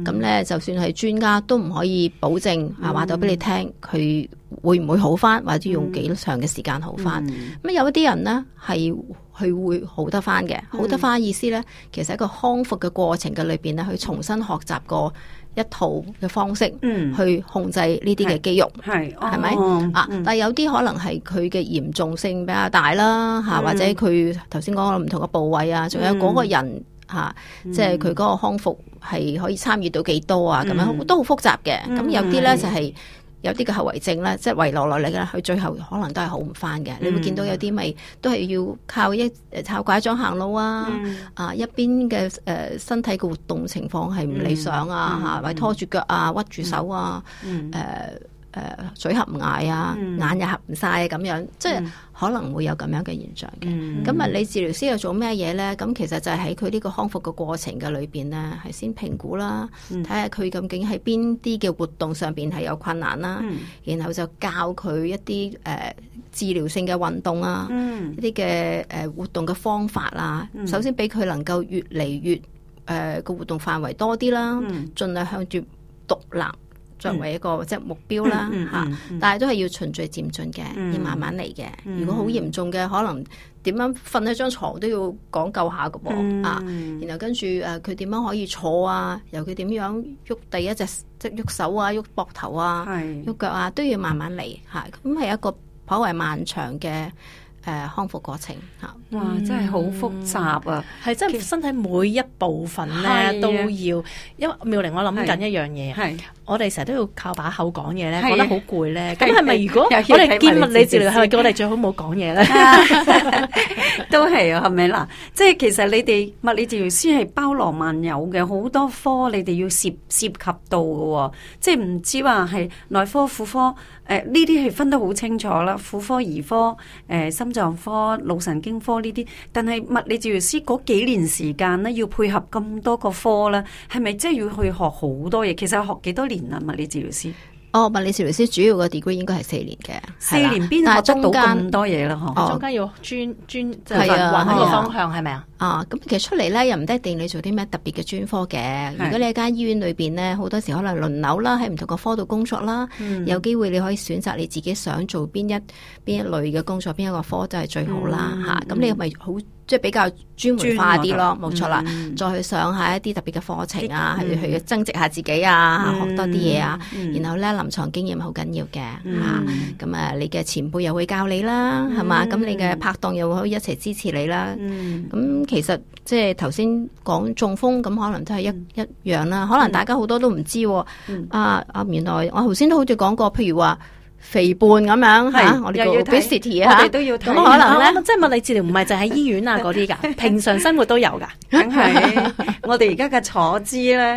咁咧、嗯、就算係專家都唔可以保證，話到俾你聽佢會唔會好翻，嗯、或者用幾長嘅時間好翻。咁、嗯、有啲人呢係佢會好得翻嘅，好得翻意思呢，其實一個康復嘅過程嘅裏邊咧，去重新學習過。一套嘅方式、嗯、去控制呢啲嘅肌肉，係，係咪啊？嗯、但係有啲可能係佢嘅嚴重性比較大啦，嚇、嗯，或者佢頭先講唔同嘅部位啊，仲、嗯、有嗰個人嚇，即係佢嗰個康復係可以參與到幾多啊？咁、嗯、樣都好複雜嘅，咁、嗯、有啲咧就係、是。有啲嘅後遺症啦，即係遺落落嚟嘅，佢最後可能都係好唔返嘅。你會見到有啲咪都係要靠一靠拐杖行路啊，mm. 啊，一邊嘅誒、呃、身體嘅活動情況係唔理想啊，咪、mm. 啊、拖住腳啊，屈住手啊，誒、mm. mm. 啊。誒嘴合唔挨啊，眼又合唔曬啊，咁樣，即係可能會有咁樣嘅現象嘅。咁啊，你治療師又做咩嘢咧？咁其實就係喺佢呢個康復嘅過程嘅裏邊咧，係先評估啦，睇下佢究竟喺邊啲嘅活動上邊係有困難啦，然後就教佢一啲誒治療性嘅運動啊，一啲嘅誒活動嘅方法啊，首先俾佢能夠越嚟越誒個活動範圍多啲啦，盡量向住獨立。作為一個即係目標啦嚇，但係都係要循序漸進嘅，要慢慢嚟嘅。如果好嚴重嘅，可能點樣瞓喺張床都要講究下㗎噃啊。然後跟住誒，佢點樣可以坐啊？由佢點樣喐第一隻即係喐手啊、喐膊頭啊、喐腳啊，都要慢慢嚟嚇。咁係一個頗為漫長嘅誒康復過程嚇。哇！真係好複雜啊，係真係身體每一部分咧都要。因為妙玲，我諗緊一樣嘢啊。我哋成日都要靠把口講嘢咧，覺、啊、得好攰咧。咁係咪如果我哋見物理治療係咪試我哋最好唔好講嘢咧？都係啊，係咪嗱？即係其實你哋物理治療師係包羅萬有嘅，好多科你哋要涉涉及到嘅喎、哦。即係唔知話係內科、婦科，誒呢啲係分得好清楚啦。婦科、兒科、誒、呃、心臟科、腦神經科呢啲，但係物理治療師嗰幾年時間咧，要配合咁多個科咧，係咪即係要去學好多嘢？其實學幾多年？物理治療師，哦，物理治療師主要個 degree 應該係四年嘅，四年邊學到咁多嘢啦？嗬、就是，中間要專專，係啊，一個方向係咪啊？係係啊，咁其實出嚟咧又唔一定你做啲咩特別嘅專科嘅。是如果你喺間醫院裏邊咧，好多時可能輪流啦，喺唔同個科度工作啦，嗯、有機會你可以選擇你自己想做邊一邊一類嘅工作，邊一個科就係最好啦吓。咁、嗯嗯啊、你咪好？即係比較專門化啲咯，冇、嗯、錯啦。再去上一下一啲特別嘅課程啊，去、嗯、去增值下自己啊，嗯、學多啲嘢啊。嗯、然後咧臨床經驗好緊要嘅嚇。咁、嗯、啊，你嘅前輩又會教你啦，係嘛、嗯？咁你嘅拍檔又會可以一齊支持你啦。咁、嗯、其實即係頭先講中風，咁可能都係一一樣啦。可能大家好多都唔知喎、啊。啊啊，啊，原來我頭先都好似講過，譬如話。肥胖咁樣，係又要睇我哋都要睇，咁可能咧，即係物理治療唔係就喺醫院啊嗰啲噶，平常生活都有噶。梗係，我哋而家嘅坐姿咧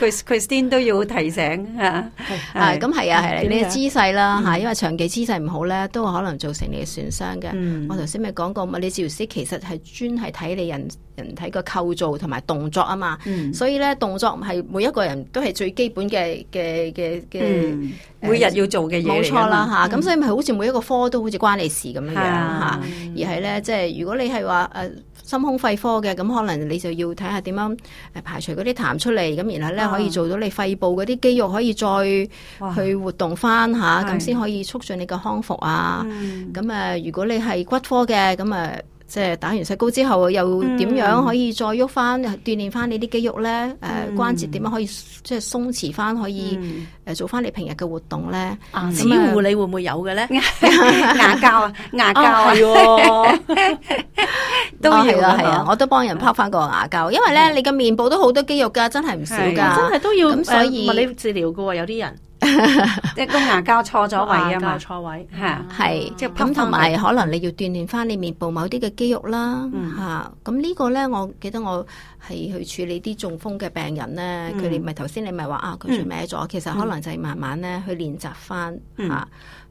，Christine 都要提醒吓，係咁係啊，係你嘅姿勢啦吓，因為長期姿勢唔好咧，都可能造成你嘅損傷嘅。我頭先咪講過，物理治療師其實係專係睇你人人體個構造同埋動作啊嘛，所以咧動作係每一個人都係最基本嘅嘅嘅嘅，每日要做嘅嘢。冇錯啦吓，咁、嗯啊、所以咪好似每一個科都好似關你事咁樣樣吓、啊啊，而係咧即係如果你係話誒心胸肺科嘅，咁可能你就要睇下點樣誒排除嗰啲痰出嚟，咁然後咧、啊、可以做到你肺部嗰啲肌肉可以再去活動翻吓，咁先哇、啊、可以促進你個康復啊。咁誒、啊嗯啊，如果你係骨科嘅，咁誒、啊。即係打完石膏之後又點樣可以再喐翻鍛煉翻你啲肌肉咧？誒，關節點樣可以即係鬆弛翻？可以誒做翻你平日嘅活動咧？牙齒護理會唔會有嘅咧？牙膠啊，牙膠啊，係都要啊，係啊，我都幫人拍翻個牙膠，因為咧你嘅面部都好多肌肉噶，真係唔少噶，真係都要咁，所以你治療嘅有啲人。即係牙骹錯咗位啊，錯位係係咁，同埋可能你要鍛煉翻你面部某啲嘅肌肉啦。吓咁呢個咧，我記得我係去處理啲中風嘅病人咧，佢哋咪頭先你咪話啊，佢轉歪咗，其實可能就係慢慢咧去練習翻吓，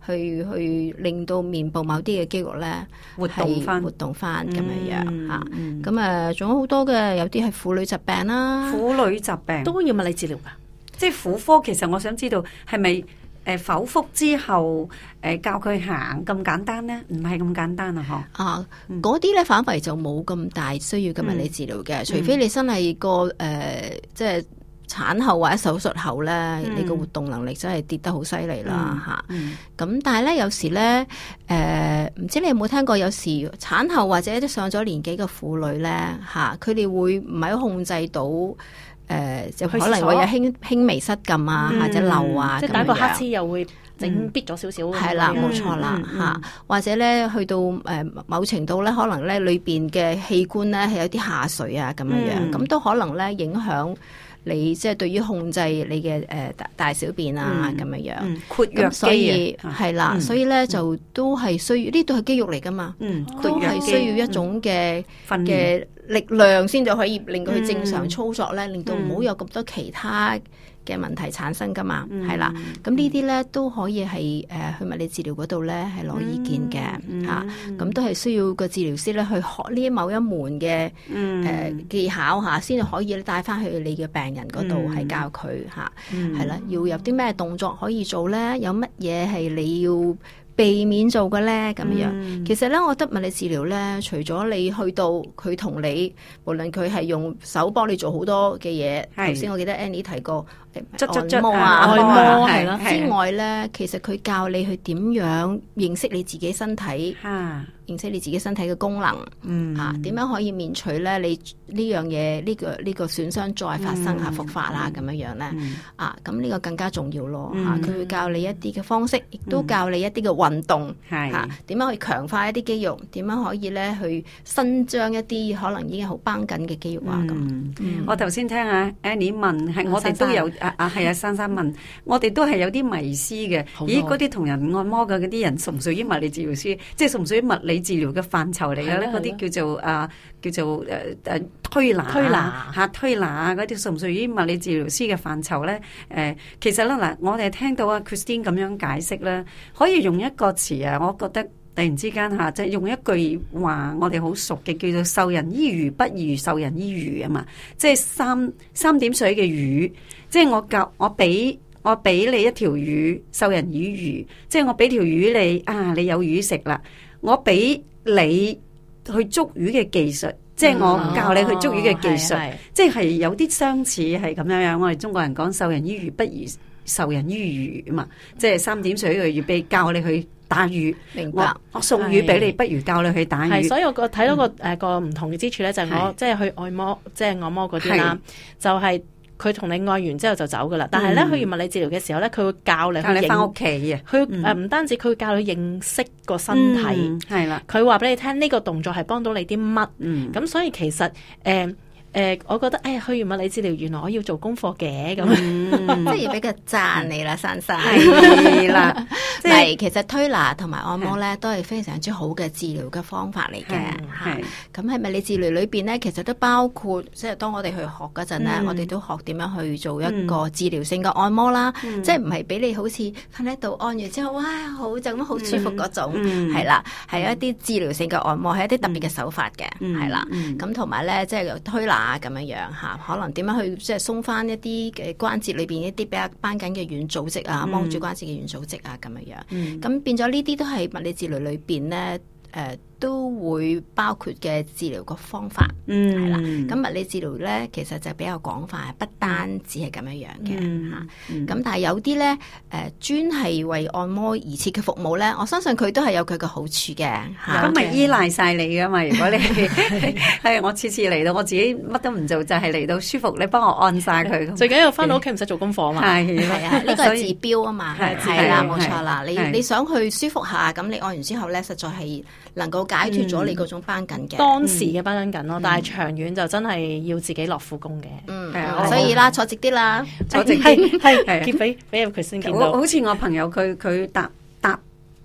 去去令到面部某啲嘅肌肉咧活動翻，活動翻咁樣樣吓。咁啊，仲有好多嘅，有啲係婦女疾病啦，婦女疾病都要物理治療噶。即係婦科，其實我想知道係咪誒剖腹之後誒、呃、教佢行咁簡單呢？唔係咁簡單啊！嗬、嗯。啊，嗰啲咧反為就冇咁大需要嘅物理治療嘅，嗯嗯、除非你真係個誒、呃、即係產後或者手術後咧，嗯、你個活動能力真係跌得好犀利啦嚇。咁、嗯嗯啊、但係咧，有時咧誒，唔、呃、知你有冇聽過？有時產後或者都上咗年紀嘅婦女咧嚇，佢哋會唔係控制到。誒，就可能會有輕輕微失禁啊，或者漏啊 giving，即係打個乞嚏又會整憋咗少少。係啦，冇錯啦吓。Magic，啊嗯、或者咧，去到誒某程度咧，可能咧裏邊嘅器官咧係有啲下垂啊咁樣樣。咁都可能咧影響你即係、就是、對於控制你嘅誒、呃、大，大，大小便啊咁樣樣、嗯。括、嗯、約肌啊，係啦、嗯啊啊，所以咧就都係需要呢度係肌肉嚟噶嘛，都係需要一種嘅嘅。力量先就可以令到佢正常操作咧，嗯、令到唔好有咁多其他嘅問題產生噶嘛，係啦。咁呢啲咧都可以係誒、呃、去物理治療嗰度咧係攞意見嘅嚇，咁都係需要個治療師咧去學呢某一門嘅誒、呃嗯、技巧嚇，先、啊、至可以帶翻去你嘅病人嗰度係教佢嚇，係啦，要有啲咩動作可以做咧？有乜嘢係你要？避免做嘅咧咁樣，嗯、其實咧，我覺得物理治療咧，除咗你去到佢同你，無論佢係用手幫你做好多嘅嘢，頭先我記得 Annie 提過。捽捽捽啊！按摩係咯，之外咧，其實佢教你去點樣認識你自己身體，認識你自己身體嘅功能，吓，點樣可以免除咧你呢樣嘢呢個呢個損傷再發生吓復發啦，咁樣樣咧，啊咁呢個更加重要咯吓，佢會教你一啲嘅方式，亦都教你一啲嘅運動，吓，點樣可以強化一啲肌肉，點樣可以咧去伸張一啲可能已經好繃緊嘅肌肉啊咁。我頭先聽下 Annie 問係我哋都有。啊啊，係啊，啊！珊珊問 我哋都係有啲迷思嘅。 咦，嗰啲同人按摩嘅嗰啲人，屬唔屬於物理治療師？ 即係屬唔屬於物理治療嘅範疇嚟嘅咧？嗰啲 叫做啊，叫做誒誒、啊、推拿、 推拿嚇、推拿啊嗰啲，屬唔屬於物理治療師嘅範疇咧？誒、呃，其實咧嗱，我哋聽到啊 Christine 咁樣解釋咧，可以用一個詞啊，我覺得突然之間嚇，即、啊、係、就是、用一句話我，我哋好熟嘅叫做授人以魚，不如授人以漁啊嘛！即係三三,三點水嘅魚。即係我教，我俾，我俾你一條魚，授人以魚。即係我俾條魚你，啊你有魚食啦。我俾你去捉魚嘅技術，即係我教你去捉魚嘅技術。哦、即係有啲相似，係咁樣樣。我哋中國人講授人以魚，不如授人以漁啊嘛。即係三點水嘅魚，俾教你去打魚。明白。我送魚俾你，是不如教你去打魚。所以我個睇到個誒個唔同嘅之處咧，是就我即係去按摩，即係按摩嗰啲啦，就係。佢同你按完之後就走噶啦，但係咧佢用物理治療嘅時候咧，佢會教你去翻屋企嘅，佢誒唔單止佢會教你認識個身體，係啦、嗯，佢話俾你聽呢個動作係幫到你啲乜，咁、嗯、所以其實誒。呃誒、呃，我覺得誒、哎、去完物理治療，原來我要做功課嘅。咁，即係要俾佢讚你啦，珊珊係啦，即係其實推拿同埋按摩咧，都係非常之好嘅治療嘅方法嚟嘅嚇。咁係咪？嗯、是是你治療裏邊咧，嗯、其實都包括即係、就是、當我哋去學嗰陣咧，嗯、我哋都學點樣去做一個治療性嘅按摩啦。嗯嗯、即係唔係俾你好似瞓喺度按完之後，哇！好就咁好，好舒服嗰種係啦，係、嗯嗯嗯嗯嗯嗯、有一啲治療性嘅按摩，係一啲特別嘅手法嘅，係啦、嗯。咁同埋咧，即係推拿。啊，咁樣樣吓，可能點樣去即係鬆翻一啲嘅關節裏邊，一啲比較繃緊嘅軟組織啊，幫住、嗯、關節嘅軟組織啊，咁樣樣。咁、嗯、變咗呢啲都係物理治療裏邊咧，誒、呃。都會包括嘅治療個方法，係啦、嗯。咁物理治療咧，其實就比較廣泛，不單止係咁樣樣嘅嚇。咁、嗯啊、但係有啲咧，誒、呃、專係為按摩而設嘅服務咧，我相信佢都係有佢嘅好處嘅嚇。咁咪依賴晒你㗎嘛？如果你係我次次嚟到，我自己乜都唔做，就係嚟到舒服，你幫我按晒佢。最緊要返到屋企唔使做功課嘛？係係啊，呢個係治標啊嘛，係啦，冇錯啦。你你想去舒服下，咁你按完之後咧，實在係能夠。解脫咗你嗰種繃緊嘅，當時嘅繃緊咯，但係長遠就真係要自己落苦功嘅。嗯，係啊，所以啦，坐直啲啦，坐直啲，係係，俾俾佢先。好似我朋友佢佢搭搭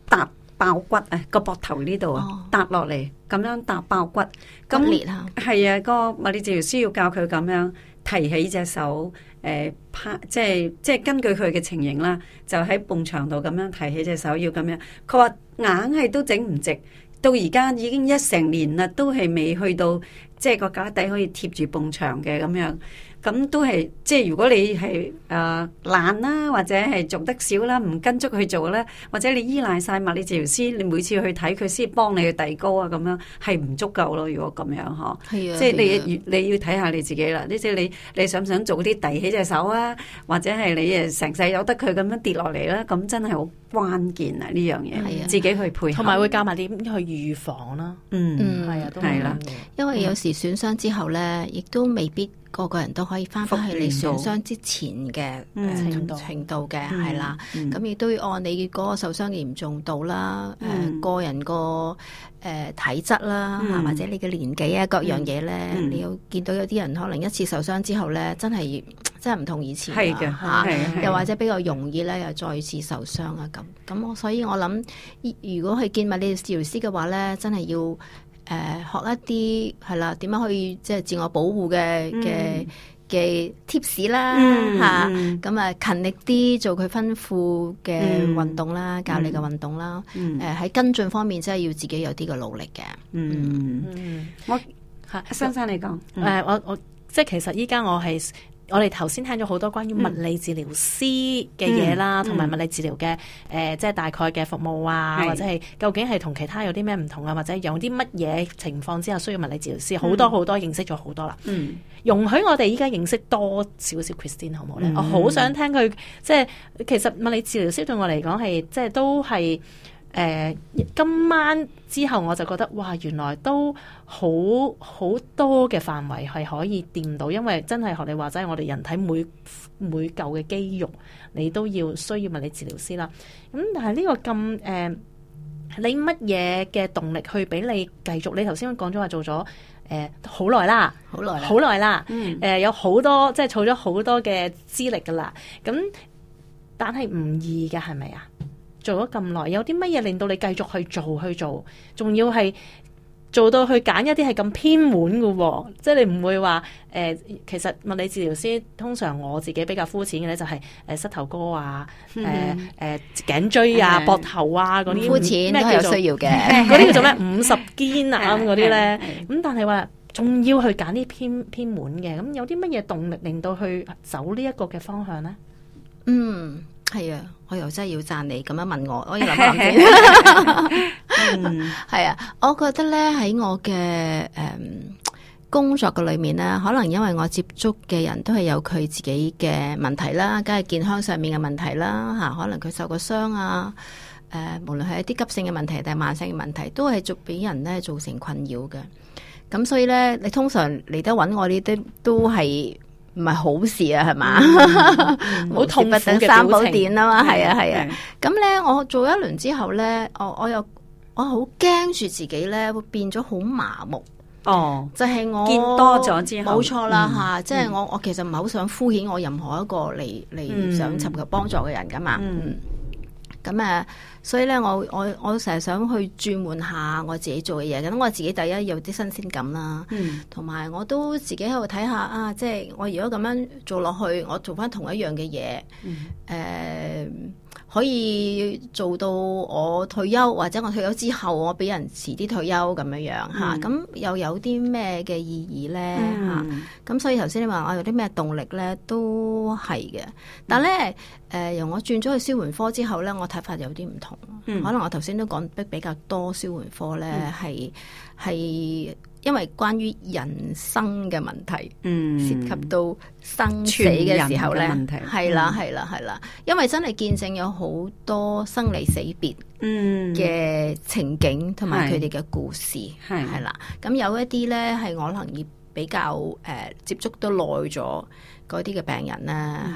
搭爆骨啊，個膊頭呢度啊，搭落嚟咁樣搭爆骨，骨裂啊。係啊，個物理治療師要教佢咁樣提起隻手，誒，拍，即係即係根據佢嘅情形啦，就喺埲牆度咁樣提起隻手，要咁樣。佢話硬係都整唔直。到而家已經一成年啦，都係未去到，即係個架底可以貼住埲牆嘅咁樣。咁都係，即係如果你係誒難懶啦，或者係做得少啦，唔跟足去做啦，或者你依賴晒物理治療師，你每次去睇佢先幫你去遞高啊，咁樣係唔足夠咯。如果咁樣嗬，即係你你要睇下你自己啦。即係你你想唔想做啲遞起隻手啊？或者係你誒成世有得佢咁樣跌落嚟啦，咁真係好關鍵啊！呢樣嘢自己去配合，同埋會教埋你點去預防啦。嗯，係啊，都係啦。因為有時損傷之後咧，亦都未必。個個人都可以翻返去你損傷之前嘅程度、嗯、程度嘅，係啦。咁亦都要按你嗰個受傷嚴重度啦，誒、嗯呃、個人個誒、呃、體質啦，嗯、或者你嘅年紀啊，各樣嘢咧，嗯嗯、你要見到有啲人可能一次受傷之後咧，真係真係唔同以前嚇，又、啊、或者比較容易咧又再次受傷啊咁。咁所以我諗，如果去見埋你哋治療師嘅話咧，真係要。誒學一啲係啦，點樣可以即係自我保護嘅嘅嘅 tips 啦嚇，咁啊勤力啲做佢吩咐嘅運動啦，教你嘅運動啦，誒喺跟進方面真係要自己有啲嘅努力嘅。嗯，我啊，珊珊你講誒，我我即係其實依家我係。我哋頭先聽咗好多關於物理治療師嘅嘢啦，同埋、嗯、物理治療嘅誒、嗯呃，即係大概嘅服務啊，是或者係究竟係同其他有啲咩唔同啊，或者有啲乜嘢情況之下需要物理治療師，好、嗯、多好多認識咗好多啦。嗯、容許我哋依家認識多少少 Christine 好唔好咧？我好想聽佢，即係其實物理治療師對我嚟講係，即係都係。誒、呃、今晚之後我就覺得，哇！原來都好好多嘅範圍係可以掂到，因為真係學你話齋，我哋人體每每嚿嘅肌肉，你都要需要物理治療師啦。咁、嗯、但係呢個咁誒、呃，你乜嘢嘅動力去俾你繼續？你頭先講咗話做咗誒好耐啦，好、呃、耐，好耐啦。嗯。誒有好多即係儲咗好多嘅資歷噶啦，咁但係唔易㗎係咪啊？做咗咁耐，有啲乜嘢令到你繼續去做去做？仲要係做到去揀一啲係咁偏門嘅、哦？即係你唔會話誒、呃，其實物理治療師通常我自己比較膚淺嘅咧，就係誒膝頭哥啊，誒誒頸椎啊、膊頭、嗯、啊嗰啲，膚淺咩係需要嘅？嗰 啲叫做咩？五十肩啊，咁嗰啲咧。咁 但係話仲要去揀啲偏偏門嘅？咁有啲乜嘢動力令到佢去走呢一個嘅方向咧？嗯。係啊，我又真係要讚你咁樣問我，我要諗下先。係啊， 我覺得呢，喺我嘅、誒、嗯、工作嘅裏面呢，可能因為我接觸嘅人都係有佢自己嘅問題啦，梗係健康上面嘅問題啦、吓、啊，可能佢受過傷啊、誒、呃，無論係一啲急性嘅問題定係慢性嘅問題，都係做俾人呢造成困擾嘅。咁所以呢，你通常嚟，得揾我呢啲都係。唔係好事啊，係嘛？冇事不登三寶殿啊嘛。係啊，係啊。咁咧，我做一輪之後咧，我我又我好驚住自己咧，會變咗好麻木。哦，就係我見多咗之後，冇錯啦吓，即係我，我其實唔係好想敷衍我任何一個嚟嚟想尋求幫助嘅人噶嘛。嗯，咁啊。所以咧，我我我成日想去轉換下我自己做嘅嘢，咁我自己第一有啲新鮮感啦，同埋、嗯、我都自己喺度睇下啊，即係我如果咁樣做落去，我做翻同一樣嘅嘢，誒、嗯呃、可以做到我退休，或者我退休之後，我俾人遲啲退休咁樣樣嚇，咁、嗯、又有啲咩嘅意義呢？嚇、嗯？咁所以頭先你話我有啲咩動力呢？都係嘅。但咧，誒、嗯呃、由我轉咗去紓緩科之後呢，我睇法有啲唔同。嗯、可能我頭先都講得比較多紓緩科呢係係。嗯因為關於人生嘅問題，嗯、涉及到生死嘅時候咧，係啦係啦係啦，因為真係見證有好多生離死別嘅情景，同埋佢哋嘅故事係啦。咁有一啲咧係我可能比較誒、呃、接觸都耐咗，嗰啲嘅病人咧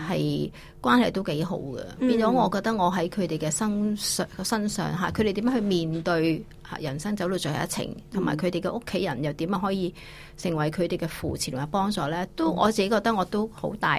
係、嗯、關係都幾好嘅。變咗我覺得我喺佢哋嘅身上身上吓，佢哋點樣去面對人生走到最後一程，同埋佢哋嘅屋企人又點樣可以成為佢哋嘅扶持同埋幫助咧？都我自己覺得我都好大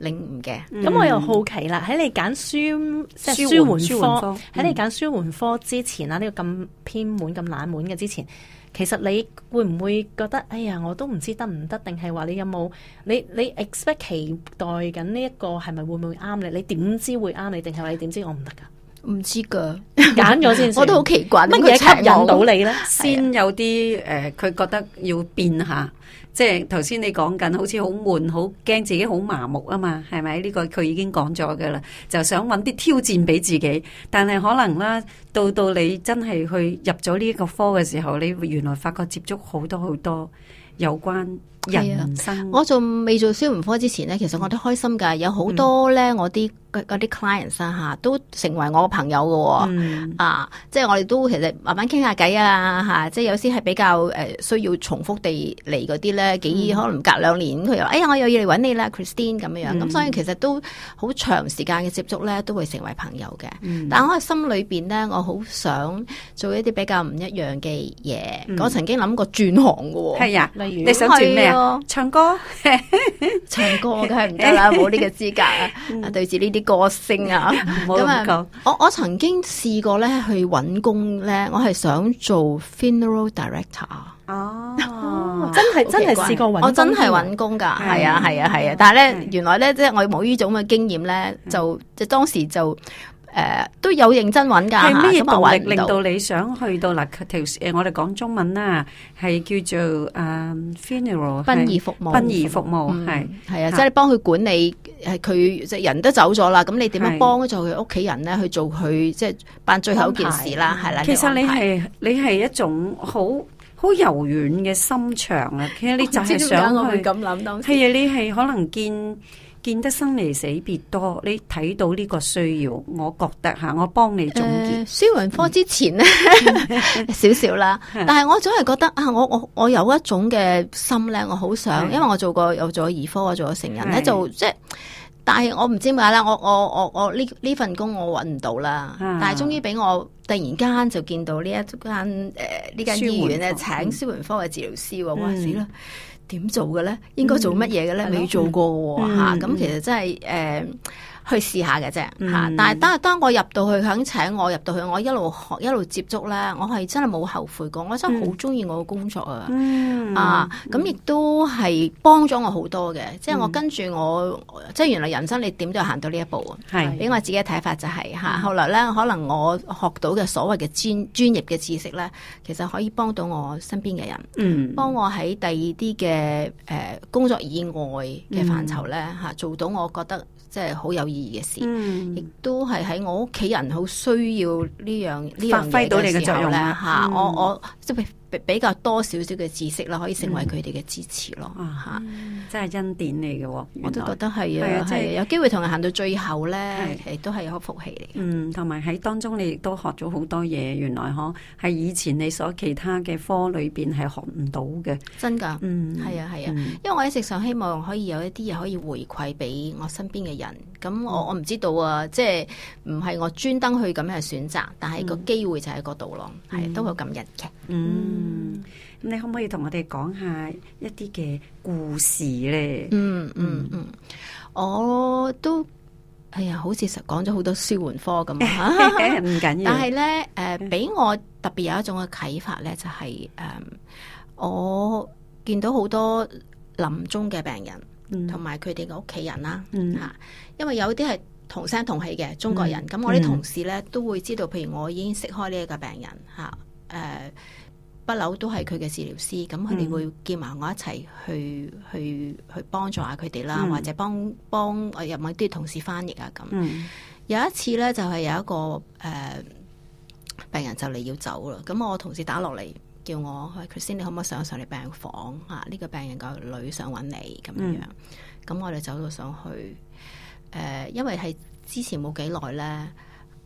領悟嘅。咁、嗯、我又好奇啦，喺你揀舒舒緩科，喺、嗯、你揀舒緩科之前啦，呢、這個咁偏門、咁冷門嘅之前，其實你會唔會覺得，哎呀，我都唔知得唔得，定係話你有冇你你 expect 期待緊呢一個係咪會唔會啱你？你點知會啱你？定係話你點知，你你知我唔得噶？唔知噶，揀咗先。我都好奇怪，乜嘢吸引到你咧？先有啲誒，佢的、呃、覺得要變下，的即係頭先你講緊，好似好悶，好驚自己好麻木啊嘛，係咪？呢、這個佢已經講咗嘅啦，就想揾啲挑戰俾自己。但係可能啦，到到你真係去入咗呢一個科嘅時候，你原來發覺接觸好多好多有關人生。我仲未做消防科之前咧，其實我都開心噶，嗯、有好多咧，我啲。嗰啲 client 身吓都成為我個朋友嘅喎、嗯，啊，即係我哋都其實慢慢傾下偈啊吓、啊，即係有時係比較誒需要重複地嚟啲咧，幾、嗯、可能隔兩年佢又，哎呀，我又要嚟揾你啦，Christine 咁樣樣，咁、嗯嗯、所以其實都好長時間嘅接觸咧，都會成為朋友嘅。但係我喺心裏邊咧，我好想做一啲比較唔一樣嘅嘢。嗯、我曾經諗過轉行嘅喎，係啊，例如你想轉咩、啊啊、唱歌， 唱歌梗係唔得啦，冇呢個資格啊！對住呢啲。個性啊，咁啊，我我曾經試過咧去搵工咧，我係想做 funeral director、oh, 是。哦，真係真係試過搵，我真係搵工噶，係啊，係啊，係啊，但係咧的原來咧即係我冇呢種嘅經驗咧，就即係的當時就。誒，都有認真揾噶，係咩嘢動力令到你想去到嗱？平時誒，我哋講中文啦，係叫做誒 funeral 殯儀服務，殯儀服務係係啊，即係你幫佢管理，係佢即係人都走咗啦，咁你點樣幫助佢屋企人咧去做佢即係辦最後一件事啦？係啦，其實你係你係一種好好柔軟嘅心腸啊！其實你就係想去咁諗，係啊，你係可能見。見得生離死別多，你睇到呢個需要，我覺得吓，我幫你總結。呃、舒緩科之前咧，少少 啦。 但係我總係覺得啊，我我我有一種嘅心咧，我好想，的因為我做過有做過兒科啊，我做過成人咧，就即係。但係我唔知點解啦，我我我我呢呢份工我搵唔到啦。的但係終於俾我突然間就見到呢一間誒呢間醫院咧，請舒緩科嘅治療師，話啦、嗯。嗯點做嘅咧？應該做乜嘢嘅咧？未、嗯、做過喎嚇！咁其實真係誒。呃去試下嘅啫，吓、嗯！但係當當我入到去，肯請我入到去，我一路學一路接觸咧，我係真係冇後悔過。我真係好中意我嘅工作啊！嗯、啊，咁亦都係幫咗我好多嘅。嗯、即係我跟住我，即係原來人生你點都要行到呢一步啊！係俾是我自己嘅睇法就係、是、吓、啊。後來咧，可能我學到嘅所謂嘅專專業嘅知識咧，其實可以幫到我身邊嘅人，幫、嗯、我喺第二啲嘅誒工作以外嘅範疇咧吓，做到我覺得。即係好有意義嘅事，嗯、亦都係喺我屋企人好需要呢樣呢樣嘢嘅時候咧嚇，我我即係。嗯嗯比比較多少少嘅知識咯，可以成為佢哋嘅支持咯嚇，嗯啊嗯、真係恩典嚟嘅喎，我都覺得係啊，即係、就是、有機會同佢行到最後咧，是都係有福氣嚟。嗯，同埋喺當中你亦都學咗好多嘢，原來呵，係以前你所其他嘅科裏邊係學唔到嘅，真㗎的。嗯，係啊係啊，啊啊嗯、因為我一直想希望可以有一啲嘢可以回饋俾我身邊嘅人。咁我我唔知道啊，即係唔係我專登去咁樣選擇，但係個機會就喺嗰度咯，係都好咁日嘅。嗯。嗯嗯嗯嗯嗯，你可唔可以同我哋講下一啲嘅故事呢？嗯嗯嗯，我都哎呀，好似實講咗好多舒緩科咁、啊、 但係呢，誒、嗯，俾我特別有一種嘅啟發呢，就係、是、誒、嗯，我見到好多臨終嘅病人，同埋佢哋嘅屋企人啦，吓、嗯，因為有啲係同聲同氣嘅中國人，咁、嗯嗯、我啲同事呢都會知道，譬如我已經識開呢一個病人，吓、呃、誒。不嬲都係佢嘅治療師，咁佢哋會叫埋我一齊去，嗯、去去幫助下佢哋啦，嗯、或者幫幫又咪啲同事翻譯啊咁。嗯、有一次呢，就係、是、有一個誒、嗯呃，病人就嚟要走啦，咁我同事打落嚟叫我，佢先你可唔可以上上嚟病房啊？呢，這個病人個女想揾你咁樣，咁，嗯、我哋走到上去，誒、呃，因為係之前冇幾耐呢。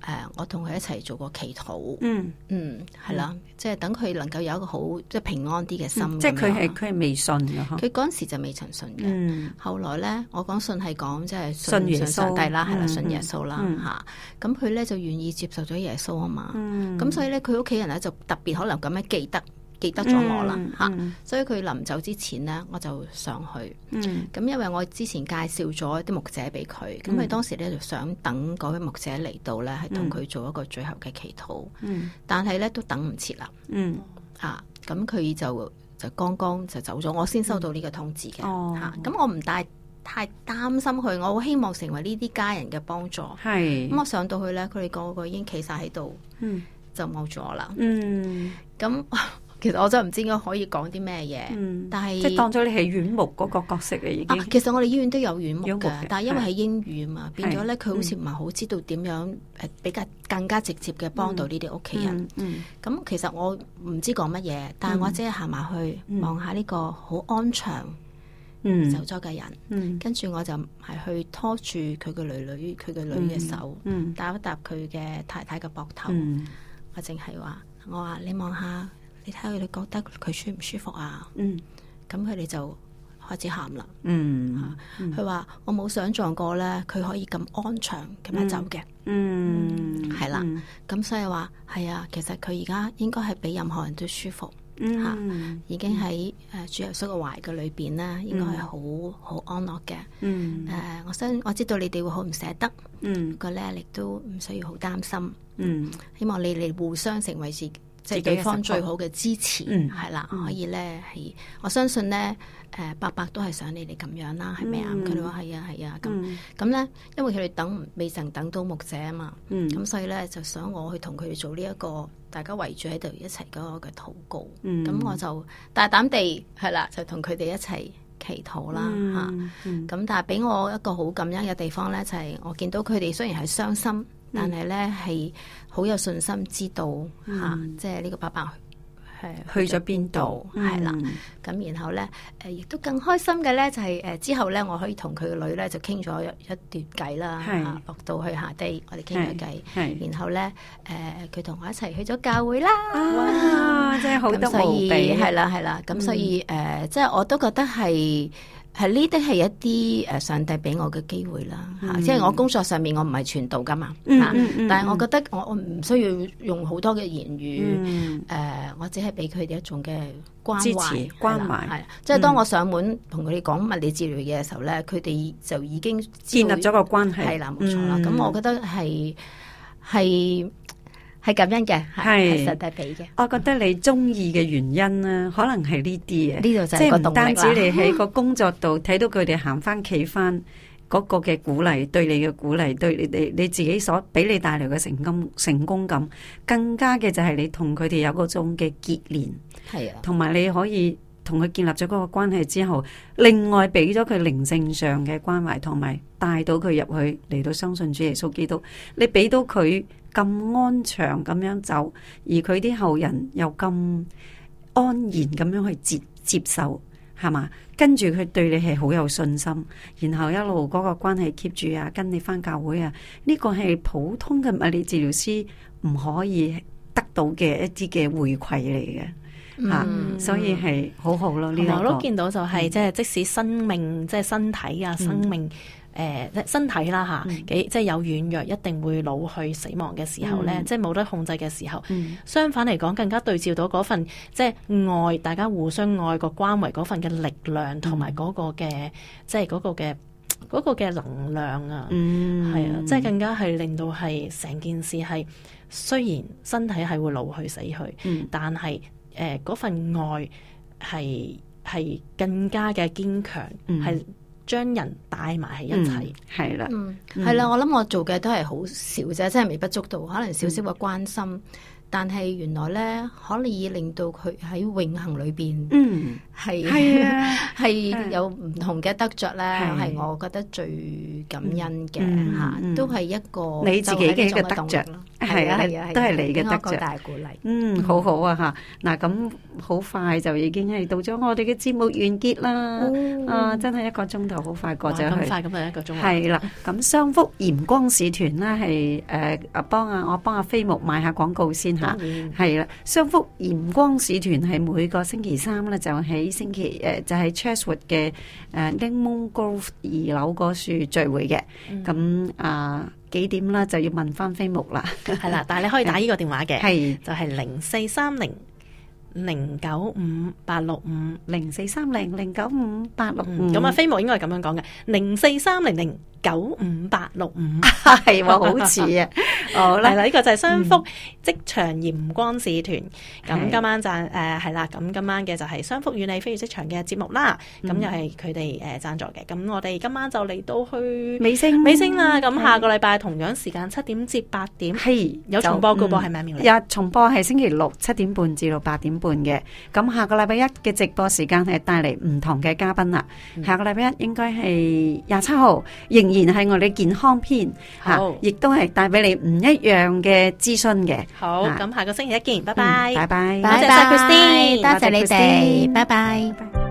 誒，我同佢一齊做過祈禱。嗯嗯，係啦，即係等佢能夠有一個好即係平安啲嘅心。即係佢係佢係未信嘅，佢嗰陣時就未曾信嘅。後來咧，我講信係講即係信上帝啦，係啦，信耶穌啦嚇。咁佢咧就願意接受咗耶穌啊嘛。咁所以咧，佢屋企人咧就特別可能咁樣記得。記得咗我啦嚇，所以佢臨走之前咧，我就上去咁。因為我之前介紹咗啲牧者俾佢，咁佢當時咧就想等嗰位牧者嚟到咧，係同佢做一個最後嘅祈禱。但係咧都等唔切啦啊！咁佢就就剛剛就走咗，我先收到呢個通知嘅嚇。咁我唔大太擔心佢，我好希望成為呢啲家人嘅幫助係咁。我上到去咧，佢哋個個已經企晒喺度，就冇咗啦，嗯咁。其實我真係唔知應該可以講啲咩嘢，但係即係當咗你係院牧嗰個角色嚟已經。啊，其實我哋醫院都有院牧嘅，但係因為係英語啊嘛，變咗咧佢好似唔係好知道點樣誒比較更加直接嘅幫到呢啲屋企人。咁其實我唔知講乜嘢，但係我只係行埋去望下呢個好安詳走咗嘅人，跟住我就係去拖住佢嘅女女佢嘅女嘅手，搭一搭佢嘅太太嘅膊頭。我淨係話，我話你望下。你睇下佢哋覺得佢舒唔舒服啊？嗯，咁佢哋就開始喊啦。嗯，佢話：我冇想象過咧，佢可以咁安詳咁樣走嘅。嗯，係啦。咁所以話係啊，其實佢而家應該係比任何人都舒服。嗯，嚇，已經喺誒主耶穌嘅懷嘅裏邊咧，應該係好好安樂嘅。嗯，誒，我諗我知道你哋會好唔捨得。嗯，個壓力都唔需要好擔心。嗯，希望你哋互相成為是。即係對方最好嘅支持，係啦，可以咧係，我相信咧，誒，伯伯都係想你哋咁樣啦，係咪啊？佢話係啊，係、嗯、啊，咁咁咧，因為佢哋等未曾等到牧者啊嘛，咁所以咧就想我去同佢哋做呢、這個、一個大家圍住喺度一齊嗰個嘅禱告，咁、嗯、我就大膽地係啦，就同佢哋一齊祈禱啦吓，咁、嗯嗯啊、但係俾我一個好感恩嘅地方咧，就係、是、我見到佢哋雖然係傷心。但係咧係好有信心知道嚇，即係呢個爸爸係去咗邊度，係啦。咁然後咧，誒亦都更開心嘅咧就係誒之後咧，我可以同佢個女咧就傾咗一段偈啦嚇，落到去下低，我哋傾咗偈。然後咧誒佢同我一齊去咗教會啦。哇！真係好得無比，係啦係啦。咁所以誒，即係我都覺得係。係呢啲係一啲誒上帝俾我嘅機會啦嚇，嗯、即係我工作上面我唔係傳道㗎嘛，嚇、嗯！但係我覺得我我唔需要用好多嘅言語誒、嗯呃，我只係俾佢哋一種嘅關懷關懷，係即係當我上門同佢哋講物理治療嘅時候咧，佢哋就已經建立咗個關係，係啦，冇錯啦。咁、嗯、我覺得係係。係咁樣嘅，係是實際俾嘅。我覺得你中意嘅原因咧、啊，可能係呢啲啊，就即係唔單止你喺個工作度睇 到佢哋行返企返嗰個嘅鼓勵，對你嘅鼓勵，對你你你自己所俾你帶來嘅成功成功感，更加嘅就係你同佢哋有個種嘅結連，係啊的，同埋你可以同佢建立咗嗰個關係之後，另外俾咗佢靈性上嘅關懷，同埋帶到佢入去嚟到相信主耶穌基督，你俾到佢。咁安詳咁樣走，而佢啲後人又咁安然咁樣去接接受，係嘛？跟住佢對你係好有信心，然後一路嗰個關係 keep 住啊，跟你翻教會啊，呢個係普通嘅物理治療師唔可以得到嘅一啲嘅回饋嚟嘅吓，所以係好好咯。同埋我都見到就係即係即使生命、嗯、即係身體啊，生命。嗯誒身體啦嚇，幾、嗯、即係有軟弱，一定會老去、死亡嘅時候咧，嗯、即係冇得控制嘅時候。嗯、相反嚟講，更加對照到嗰份即係愛，大家互相愛嘅關懷嗰份嘅力量，同埋嗰個嘅即係嗰個嘅嗰個嘅能量啊，係、嗯、啊，即係更加係令到係成件事係雖然身體係會老去、死去，嗯、但係誒嗰份愛係係更加嘅堅強，係、嗯。將人帶埋喺一齊，係啦、嗯，係啦、嗯。我諗我做嘅都係好少啫，真係微不足道，可能少少嘅關心，嗯、但係原來呢，可以令到佢喺永恆裏邊。嗯係，係啊，係有唔同嘅得着咧，係我覺得最感恩嘅吓，都係一個你自己嘅一個得着，係啊，都係你嘅得着，嗯，好好啊吓，嗱咁好快就已經係到咗我哋嘅節目完結啦，啊，真係一個鐘頭好快過咗去，咁快咁啊一個鐘頭，係啦，咁商福鹽光使團咧係誒阿幫啊，我幫阿飛牧買下廣告先吓，係啦，商福鹽光使團係每個星期三咧就係。呢星期誒就係、是、Chatswood 嘅誒 Lemon Grove 二樓嗰處聚會嘅，咁啊、嗯嗯、幾點啦就要問翻飛牧啦，係啦，但係你可以打呢個電話嘅，係是就係零四三零零九五八六五零四三零零九五八六五，咁啊飛牧應該係咁樣講嘅，零四三零零。九五八六五係喎，好似啊，好啦，係啦，呢個就係商福職場鹽光使團。咁今晚就誒係啦，咁今晚嘅就係商福與你飛越職場嘅節目啦。咁又係佢哋誒贊助嘅。咁我哋今晚就嚟到去尾聲尾聲啦。咁下個禮拜同樣時間七點至八點係有重播嘅噃，係咪啊？日重播係星期六七點半至到八點半嘅。咁下個禮拜一嘅直播時間係帶嚟唔同嘅嘉賓啦。下個禮拜一應該係廿七號，仍。然係我哋健康篇吓，亦都係帶俾你唔一樣嘅咨詢嘅。好，咁、啊、下個星期一見，拜拜，拜拜。嗯，多謝晒 Christine，多謝你哋，拜拜。